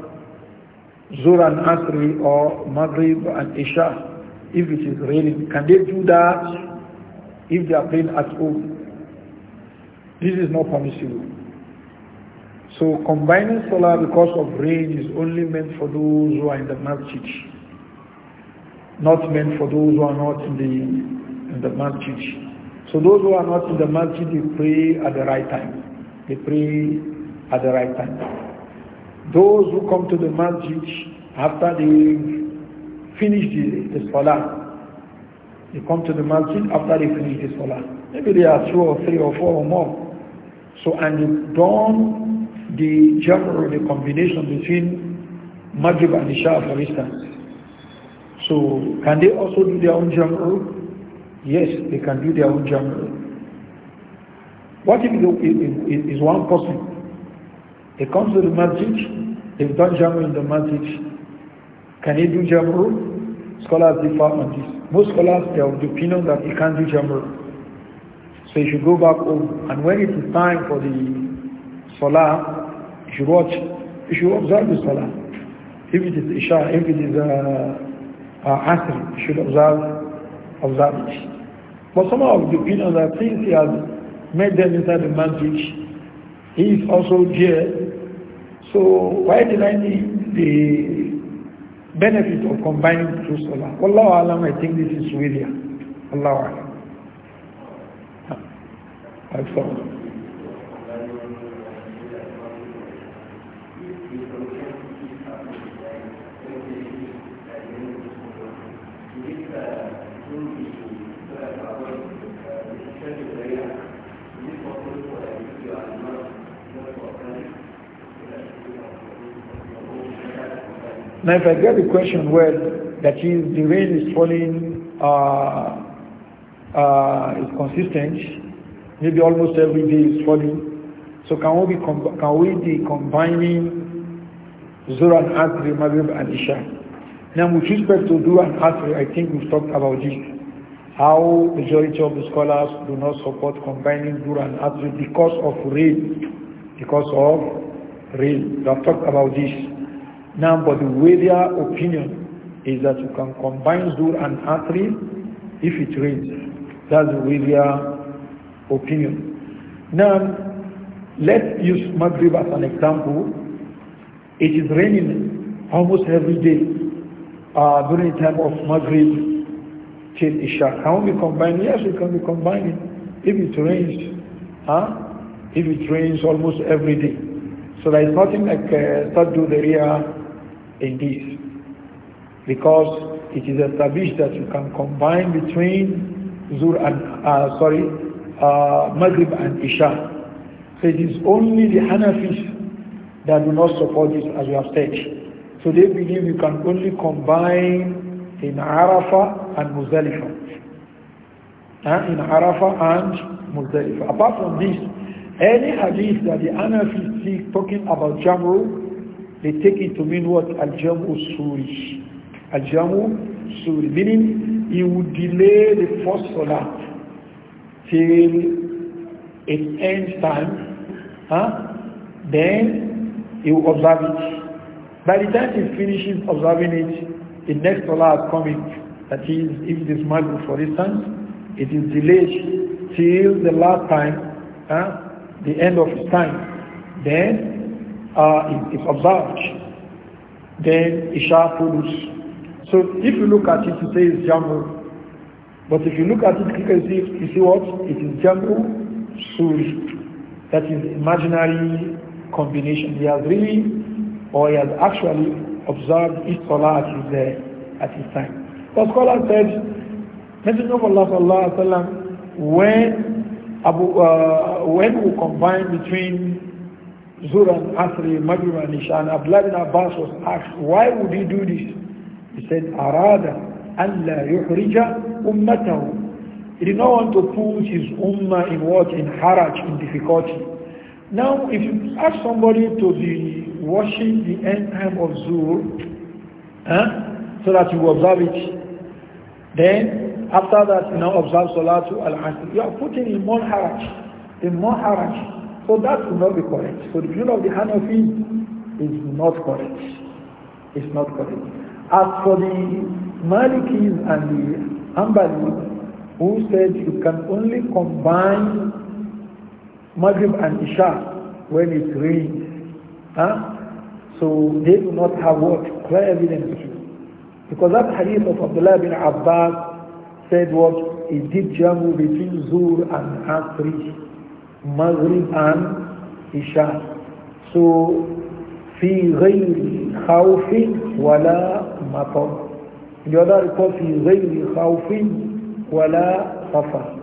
Zoran and Asri or Maghrib and Isha, if it is raining. Can they do that if they are praying at home? This is not permissible. So combining solar because of rain is only meant for those who are in the masjid not meant for those who are not in the, in the masjid. So those who are not in the masjid, they pray at the right time. They pray at the right time. Those who come to the masjid after they finish the, the salah, they come to the masjid after they finish the salah. Maybe they are two or three or four or more. So and you don't the general, the combination between Maghrib and Isha, for instance. So can they also do their own jam'u? Yes, they can do their own jam'u. What if it is one person? He comes to the masjid, they've done jam'u in the masjid. Can he do jam'u? Scholars differ on this. Most scholars they have the opinion that he can't do jam'u. So you should go back home. And when it is time for the salah, you should watch, you should observe the salah. If it is Isha, if it is uh, uh, Asr should observe, observe it. But some of the know that since he has made them inside the magic. he is also here. So why did I need the benefit of combining two salah? Allah alam, I think this is really Allah alam. Excellent. Now, if I get the question well, that is the rain is falling, uh, uh, is consistent, maybe almost every day is falling. So can we be can we be combining Zohar and Asri, Maghrib and Isha? Now, with respect to Dua and Asri, I think we've talked about this. How majority of the scholars do not support combining Dua and Asri because of rain, because of rain. We have talked about this. Now, but the Wedia opinion is that you can combine Zur and Atri if it rains. That's the Wedia opinion. Now, let's use Maghrib as an example. It is raining almost every day uh, during the time of Maghrib till Isha. Can we combine? Yes, we can be combining. If it rains, huh? if it rains almost every day. So there is nothing like uh, Saddu Daria in this because it is established that you can combine between Zur and uh, sorry uh, Maghrib and Isha. So it is only the Hanafis that do not support this as we have said. So they believe you can only combine in Arafah and Muzdalifah. Uh, in Arafah and Muzdalifah. Apart from this, any hadith that the Hanafi's is talking about Jamru they take it to mean what? al Suri. al Suri. Meaning, he would delay the first salah till it ends time. Huh? Then he will observe it. By the time he finishes observing it, the next salah coming. That is, if it is month for instance, it is delayed till the last time, huh? the end of time. Then uh, is, is observed, then it shall produce. So if you look at it, you say it's Jamru. But if you look at it, you can see, you see what? It is Jamru Suri. That is imaginary combination. He has really, or he has actually observed each Salah at his, uh, at his time. The scholar said, Messenger of Allah sallallahu alayhi wa sallam, when, uh, when we combine between Zuhr and Asri, Maghrib and Isha. And Abbas was asked, why would he do this? He said, Arada an la yuhrija ummatahu. He did not want to put his ummah in what? In haraj, in difficulty. Now, if you ask somebody to be washing the end time of Zuhr, huh, so that you observe it, then after that you now observe Salatu al-Asr, you are putting in more haraj, in more haraj. So that will not be correct. So the view of the Hanafi is not correct. It's not correct. As for the Malikis and the Hanbalis, who said you can only combine Maghrib and Isha when it rains, huh? so they do not have what? Clear evidence. Because that hadith of Abdullah bin Abbas said what? He did jamu between Zur and Asri. Maghrib and Isha. So, fi غير خوف wala مطر. The other report, في غير خوف wala سفر.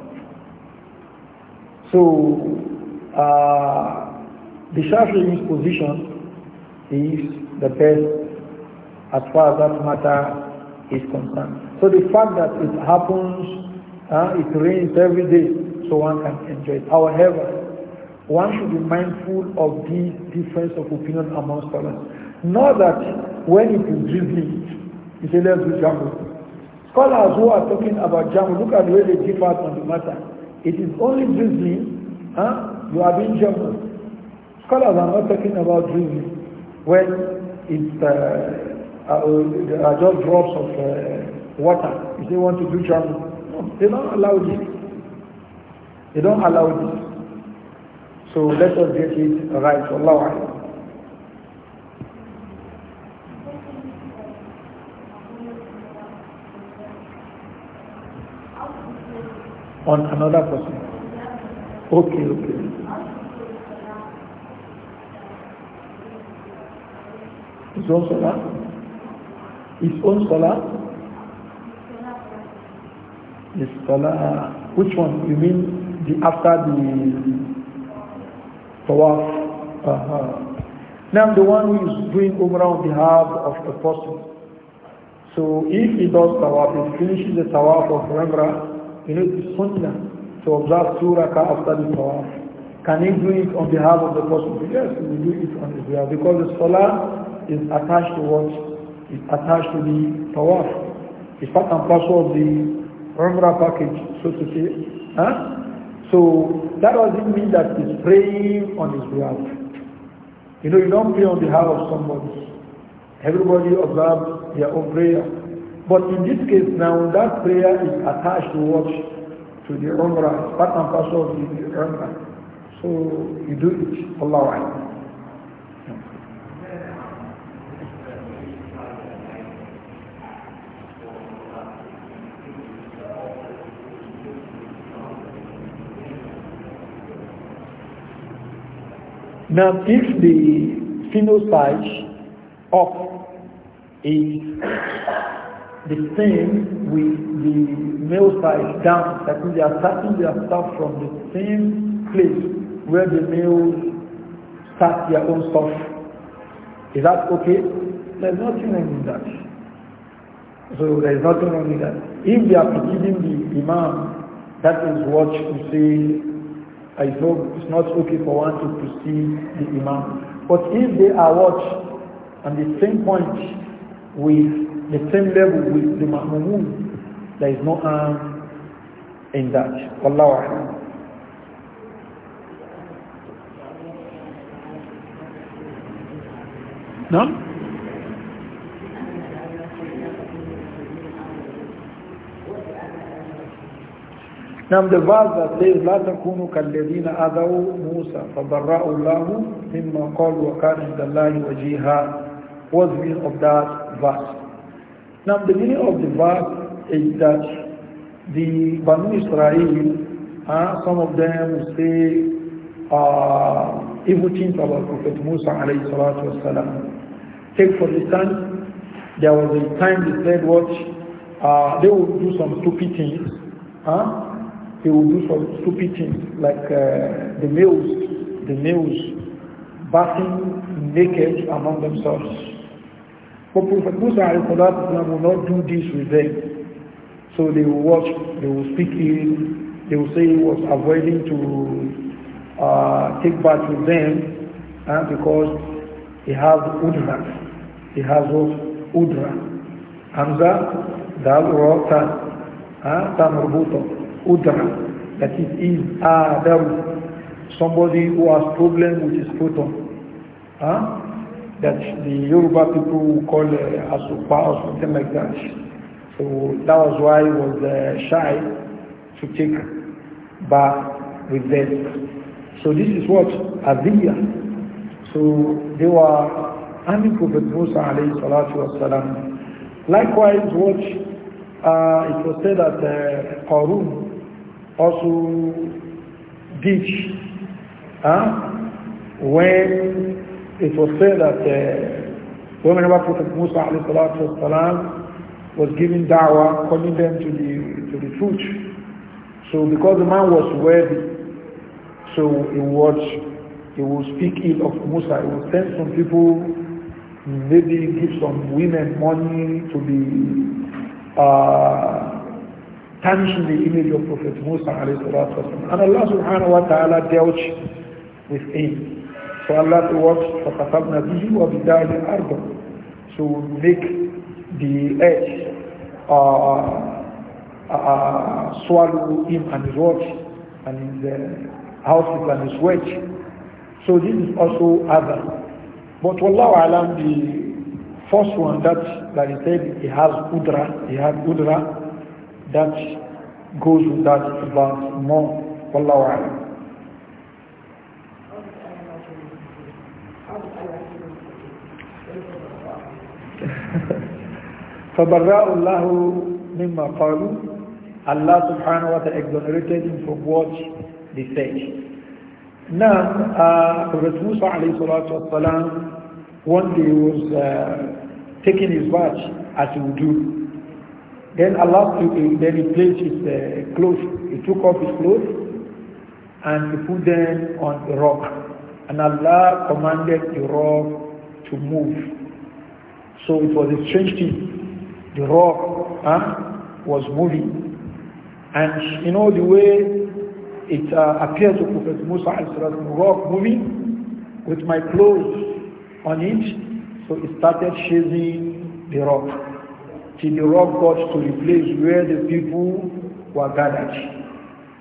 So, uh, the Shafi'i's position is the best as far as that matter is concerned. So the fact that it happens, uh, it rains every day, so one can enjoy it. However, one should be mindful of the difference of opinion among scholars. Not that when it is drizzling, it's a little bit do jamu. Scholars who are talking about jamu, look at the way they differ on the matter. It is only drizzling, huh? you are being jamu. Scholars are not talking about drizzling when it's uh, uh, uh, just drops of uh, water. If they want to do jamu, no, they don't allow this. They don't allow this. So let us get it right. Allah. On another person. Okay, okay. His own salah? His own salah? His salah. Which one? You mean the after the tawaf. Uh -huh. Now the one who is doing umrah on behalf of the person. So if he does tawaf, he finishes the tawaf of umrah, you know it's sunnah to observe two rakah after the tawaf. Can he do it on behalf of the person? Yes, he will do it on his behalf because the salah is attached to what? It's attached to the tawaf. It's part and parcel of the umrah package, so to say. Huh? So that doesn't mean that he's praying on his behalf. You know, you don't pray on behalf of somebody. Everybody observes their own prayer. But in this case now, that prayer is attached to what? To the Umrah. It's part and parcel of the Umrah. So you do it. Allah Now, if the phenotype of is the same with the male side down, that means they are starting their stuff from the same place where the males start their own stuff. Is that okay? There's nothing wrong with that. So there's nothing wrong with that. If they are giving the imam, that is what we say I know it's not okay for one to precede the Imam. But if they are watched on the same point with the same level with the Ma'mumun, there is no harm in that. Wallahu a'lam. Now the verse that لا تكونوا كالذين أذوا موسى فبرأوا الله مما وكان عند الله وجيها was meaning of that verse. Now the meaning of the verse is that the Banu Israel, uh, some of them say uh, evil things about Prophet Musa alayhi salatu wasalam. Take for instance, there was a time they said what, uh, ah, they would do some stupid things they will do some stupid things like uh, the males, the males bathing naked among themselves. But Prophet Musa will not do this with them. So they will watch, they will speak ill. they will say he was avoiding to uh, take part with them uh, because he has udra. He has what? Udra. Hamza, Dal, Ra, Tan. Tan, udra, that it is Adam, somebody who has problem with his photo. Huh? That the Yoruba people call uh, asupa or something like that. So that was why he was uh, shy to take bath with them. So this is what Adiyya. So they were arming Prophet Musa alayhi salatu wasalam. Likewise what uh, it was said that uh, Qarun also did huh? when it was said that uh, when whenever Prophet Musa والسلام, was giving da'wah, calling them to the, to the truth. So because the man was worthy, so he would, he would speak ill of Musa. He would send some people, maybe give some women money to be uh, tarnishing the image of Prophet Musa والسلام, and Allah subhanahu wa ta'ala dealt with him. So Allah to what? فَقَفَبْنَا بِهِ وَبِدَاهِ الْأَرْضَ So make the earth uh, uh, uh, swallow him and his watch and his uh, houses and his wedge. So this is also other. But Wallahu Alam, the first one that, that he said, he has Udra, he had Udra, that goes with that verse more. Wallahu alam. فبرأ الله مما قالوا Allah subhanahu wa ta'ala exonerated him from what they said. Now, uh, Prophet Musa alayhi salatu wasalam, one day was uh, taking his watch as he would do. Then Allah then he placed his uh, clothes. He took off his clothes and he put them on the rock. And Allah commanded the rock to move. So it was a strange thing. The rock huh, was moving. And you know the way it uh, appeared to Prophet Musa the rock moving with my clothes on it. So it started chasing the rock. To the rock got to the place where the people were gathered.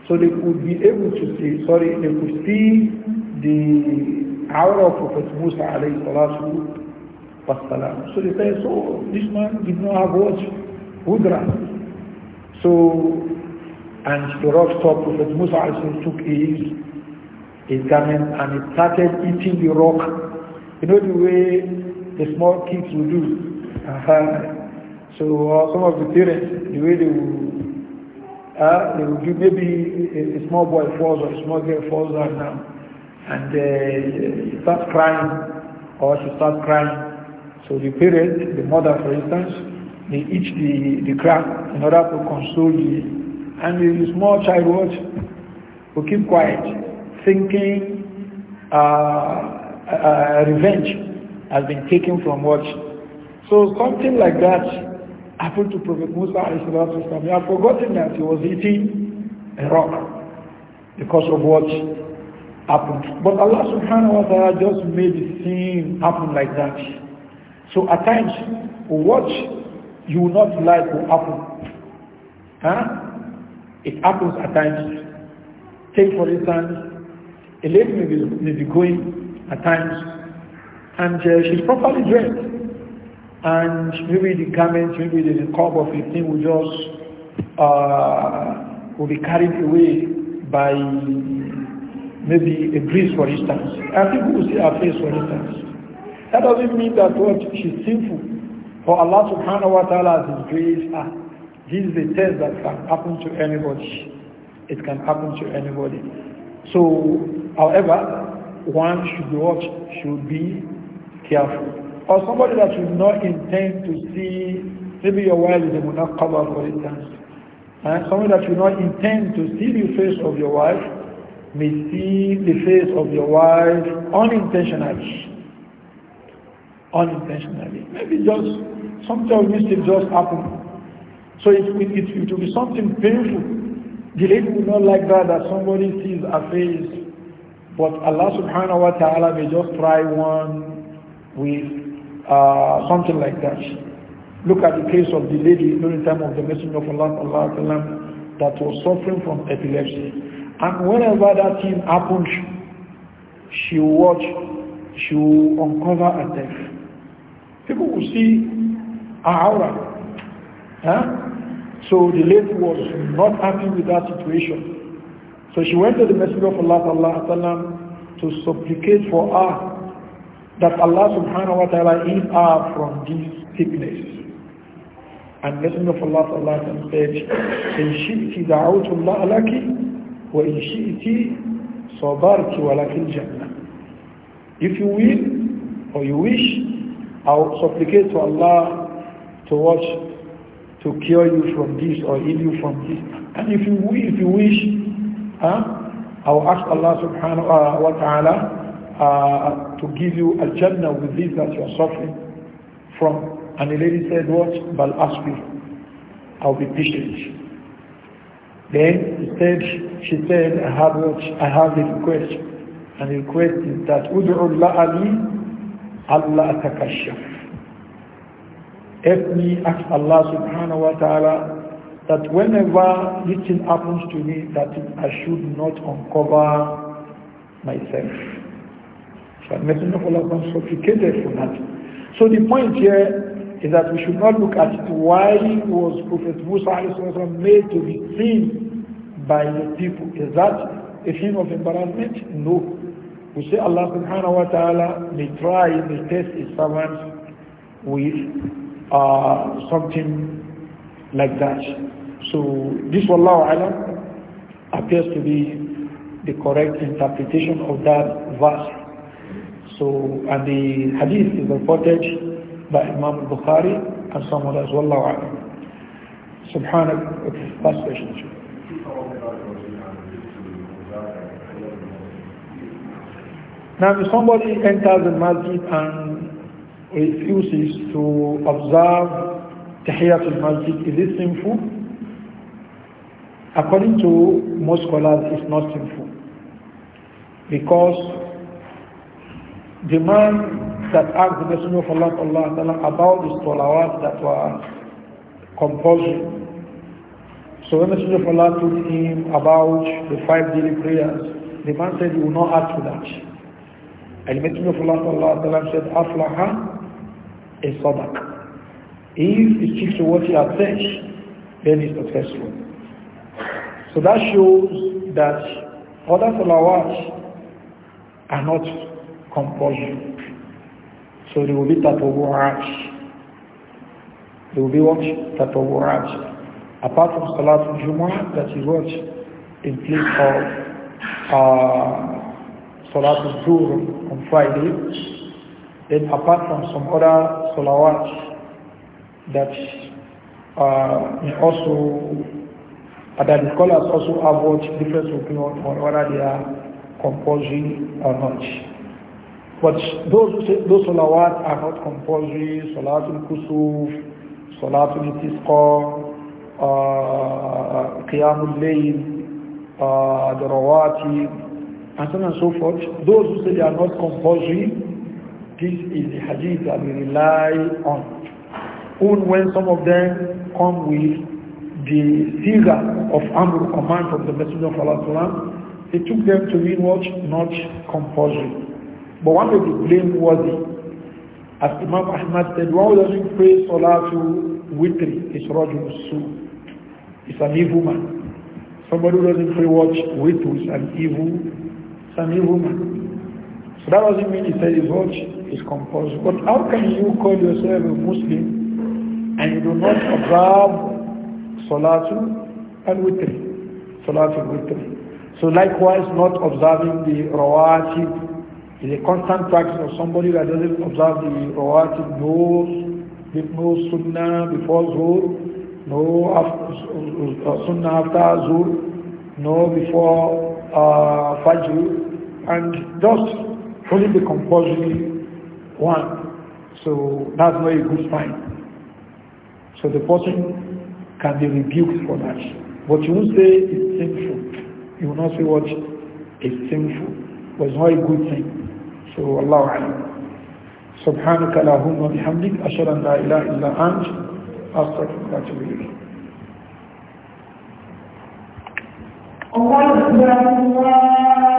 So they could be able to see, sorry, they could see the hour of Prophet Musa alayhi salatu So they said, so this man did not have what? Hudra. So, and the rock stopped, Prophet Musa alayhi took his, his garment and he started eating the rock. You know the way the small kids will do. Uh -huh so uh, some of the parents, the way they will, uh, they will give maybe a, a, small boy falls or a small girl falls down now, and uh, he starts crying or she starts crying. So the parent, the mother for instance, they eat the, the crack in order to console the, and the small child watch will keep quiet, thinking uh, uh, uh, revenge has been taken from what so something like that happened to Prophet Musa You have forgotten that he was eating a rock because of what happened. But Allah subhanahu wa ta'ala just made the thing happen like that. So at times, what you will not like will happen. Huh? It happens at times. Take for instance, a lady may be, may be going at times and uh, she's properly dressed and maybe the garment, maybe the cob of a thing will just uh, will be carried away by maybe a breeze, for instance. And people will see her face, for instance. That doesn't mean that what she's sinful. For Allah subhanahu wa ta'ala has grace Ah, This is a test that can happen to anybody. It can happen to anybody. So, however, one should watch, should be careful or somebody that you not intend to see, maybe your wife is a munaqaba for instance, and eh? somebody that you not intend to see the face of your wife may see the face of your wife unintentionally. Unintentionally. Maybe just sometimes mistake just happen. So it, it, it, it will be something painful. The lady will not like that that somebody sees a face, but Allah subhanahu wa ta'ala may just try one with uh, something like that. Look at the case of the lady during the time of the Messenger of Allah, Allah that was suffering from epilepsy. And whenever that thing happened, she watch, she will uncover herself. People will see her aura. Huh? So the lady was not happy with that situation. So she went to the Messenger of Allah, Allah to supplicate for her that Allah subhanahu wa ta'ala is are from this sickness. And Messenger of Allah sallallahu alayhi wa sallam said, إِنْ شِئْتِ دَعَوْتُ اللَّهَ لَكِ وَإِنْ شِئْتِ صَبَرْتِ وَلَكِ الْجَنَّةِ If you will or you wish, I will supplicate to Allah to watch, to cure you from this or heal you from this. And if you, if you wish, huh, I will ask Allah subhanahu uh, wa ta'ala uh, to give you a Jannah with this that you are suffering from. And the lady said, what? ask asbi. I'll be patient. Then he said, she said, I have what? I have a request. And the request is that, Udu'u la'ali Allah atakashaf. Help me ask Allah subhanahu wa ta'ala that whenever this thing happens to me, that I should not uncover myself. So the Allah for that. So the point here is that we should not look at it. why was Prophet Musa made to be seen by the people. Is that a thing of embarrassment? No. We say Allah subhanahu wa ta'ala may try, may test his servants with uh, something like that. So this Wallahu Alam appears to be the correct interpretation of that verse. So, and the hadith is reported by Imam Bukhari and some others. Well, Subhanak. last question. Now, if somebody enters the masjid and refuses to observe Tahiyatul Masjid, is it sinful? According to most scholars, it's not sinful. Because the man that asked the Messenger of Allah, Allah about the salawat that were compulsory. So the Messenger of Allah told him about the five daily prayers. The man said, you will not ask for that. And the Messenger of Allah said, Aflaha is sadaqah. If he sticks to what he has said, then he's successful. So that shows that other salawat are not compulsion. So there will be tatawu'at. There will be what? Tatawu'at. Apart from Salat Jumu'ah, that is what? In place of uh, Salat Zuhr on Friday. Then apart from some other salawat that uh, also, uh, that the scholars also have what difference between on whether they are compulsory or not. But those, those salawat are not compulsory, salatul kusuf, salatul itisqa, uh, qiyamul layl, uh, the rawati, and so on and so forth. Those who say they are not compulsory, this is the hadith that we rely on. Even when some of them come with the figure of Amr command from the Messenger of Allah, they took them to mean what? Not compulsory. But one of the blame worthy. As Imam Ahmad said, one who doesn't pray to Witri is Rajul Su. It's an evil man. Somebody who doesn't pray watch Witru is an evil, it's an evil man. So that doesn't mean he said his watch is compulsory. But how can you call yourself a Muslim and you do not observe Salatu al-Witri? Salatu al-Witri. So likewise not observing the Rawatib it's a constant practice of somebody that doesn't observe the Rawatib, no, no Sunnah before Zuhr, no after, uh, Sunnah after Zuhr, no before uh, Fajr, and just fully the compulsory one. So that's not a good sign. So the person can be rebuked for that. But you won't say it's sinful. You will not say what is sinful. But it's not a good thing. so الله alam سبحانك اللهم وبحمدك أشهد أن لا إله إلا أنت أستغفرك وأتوب إليك الله أكبر الله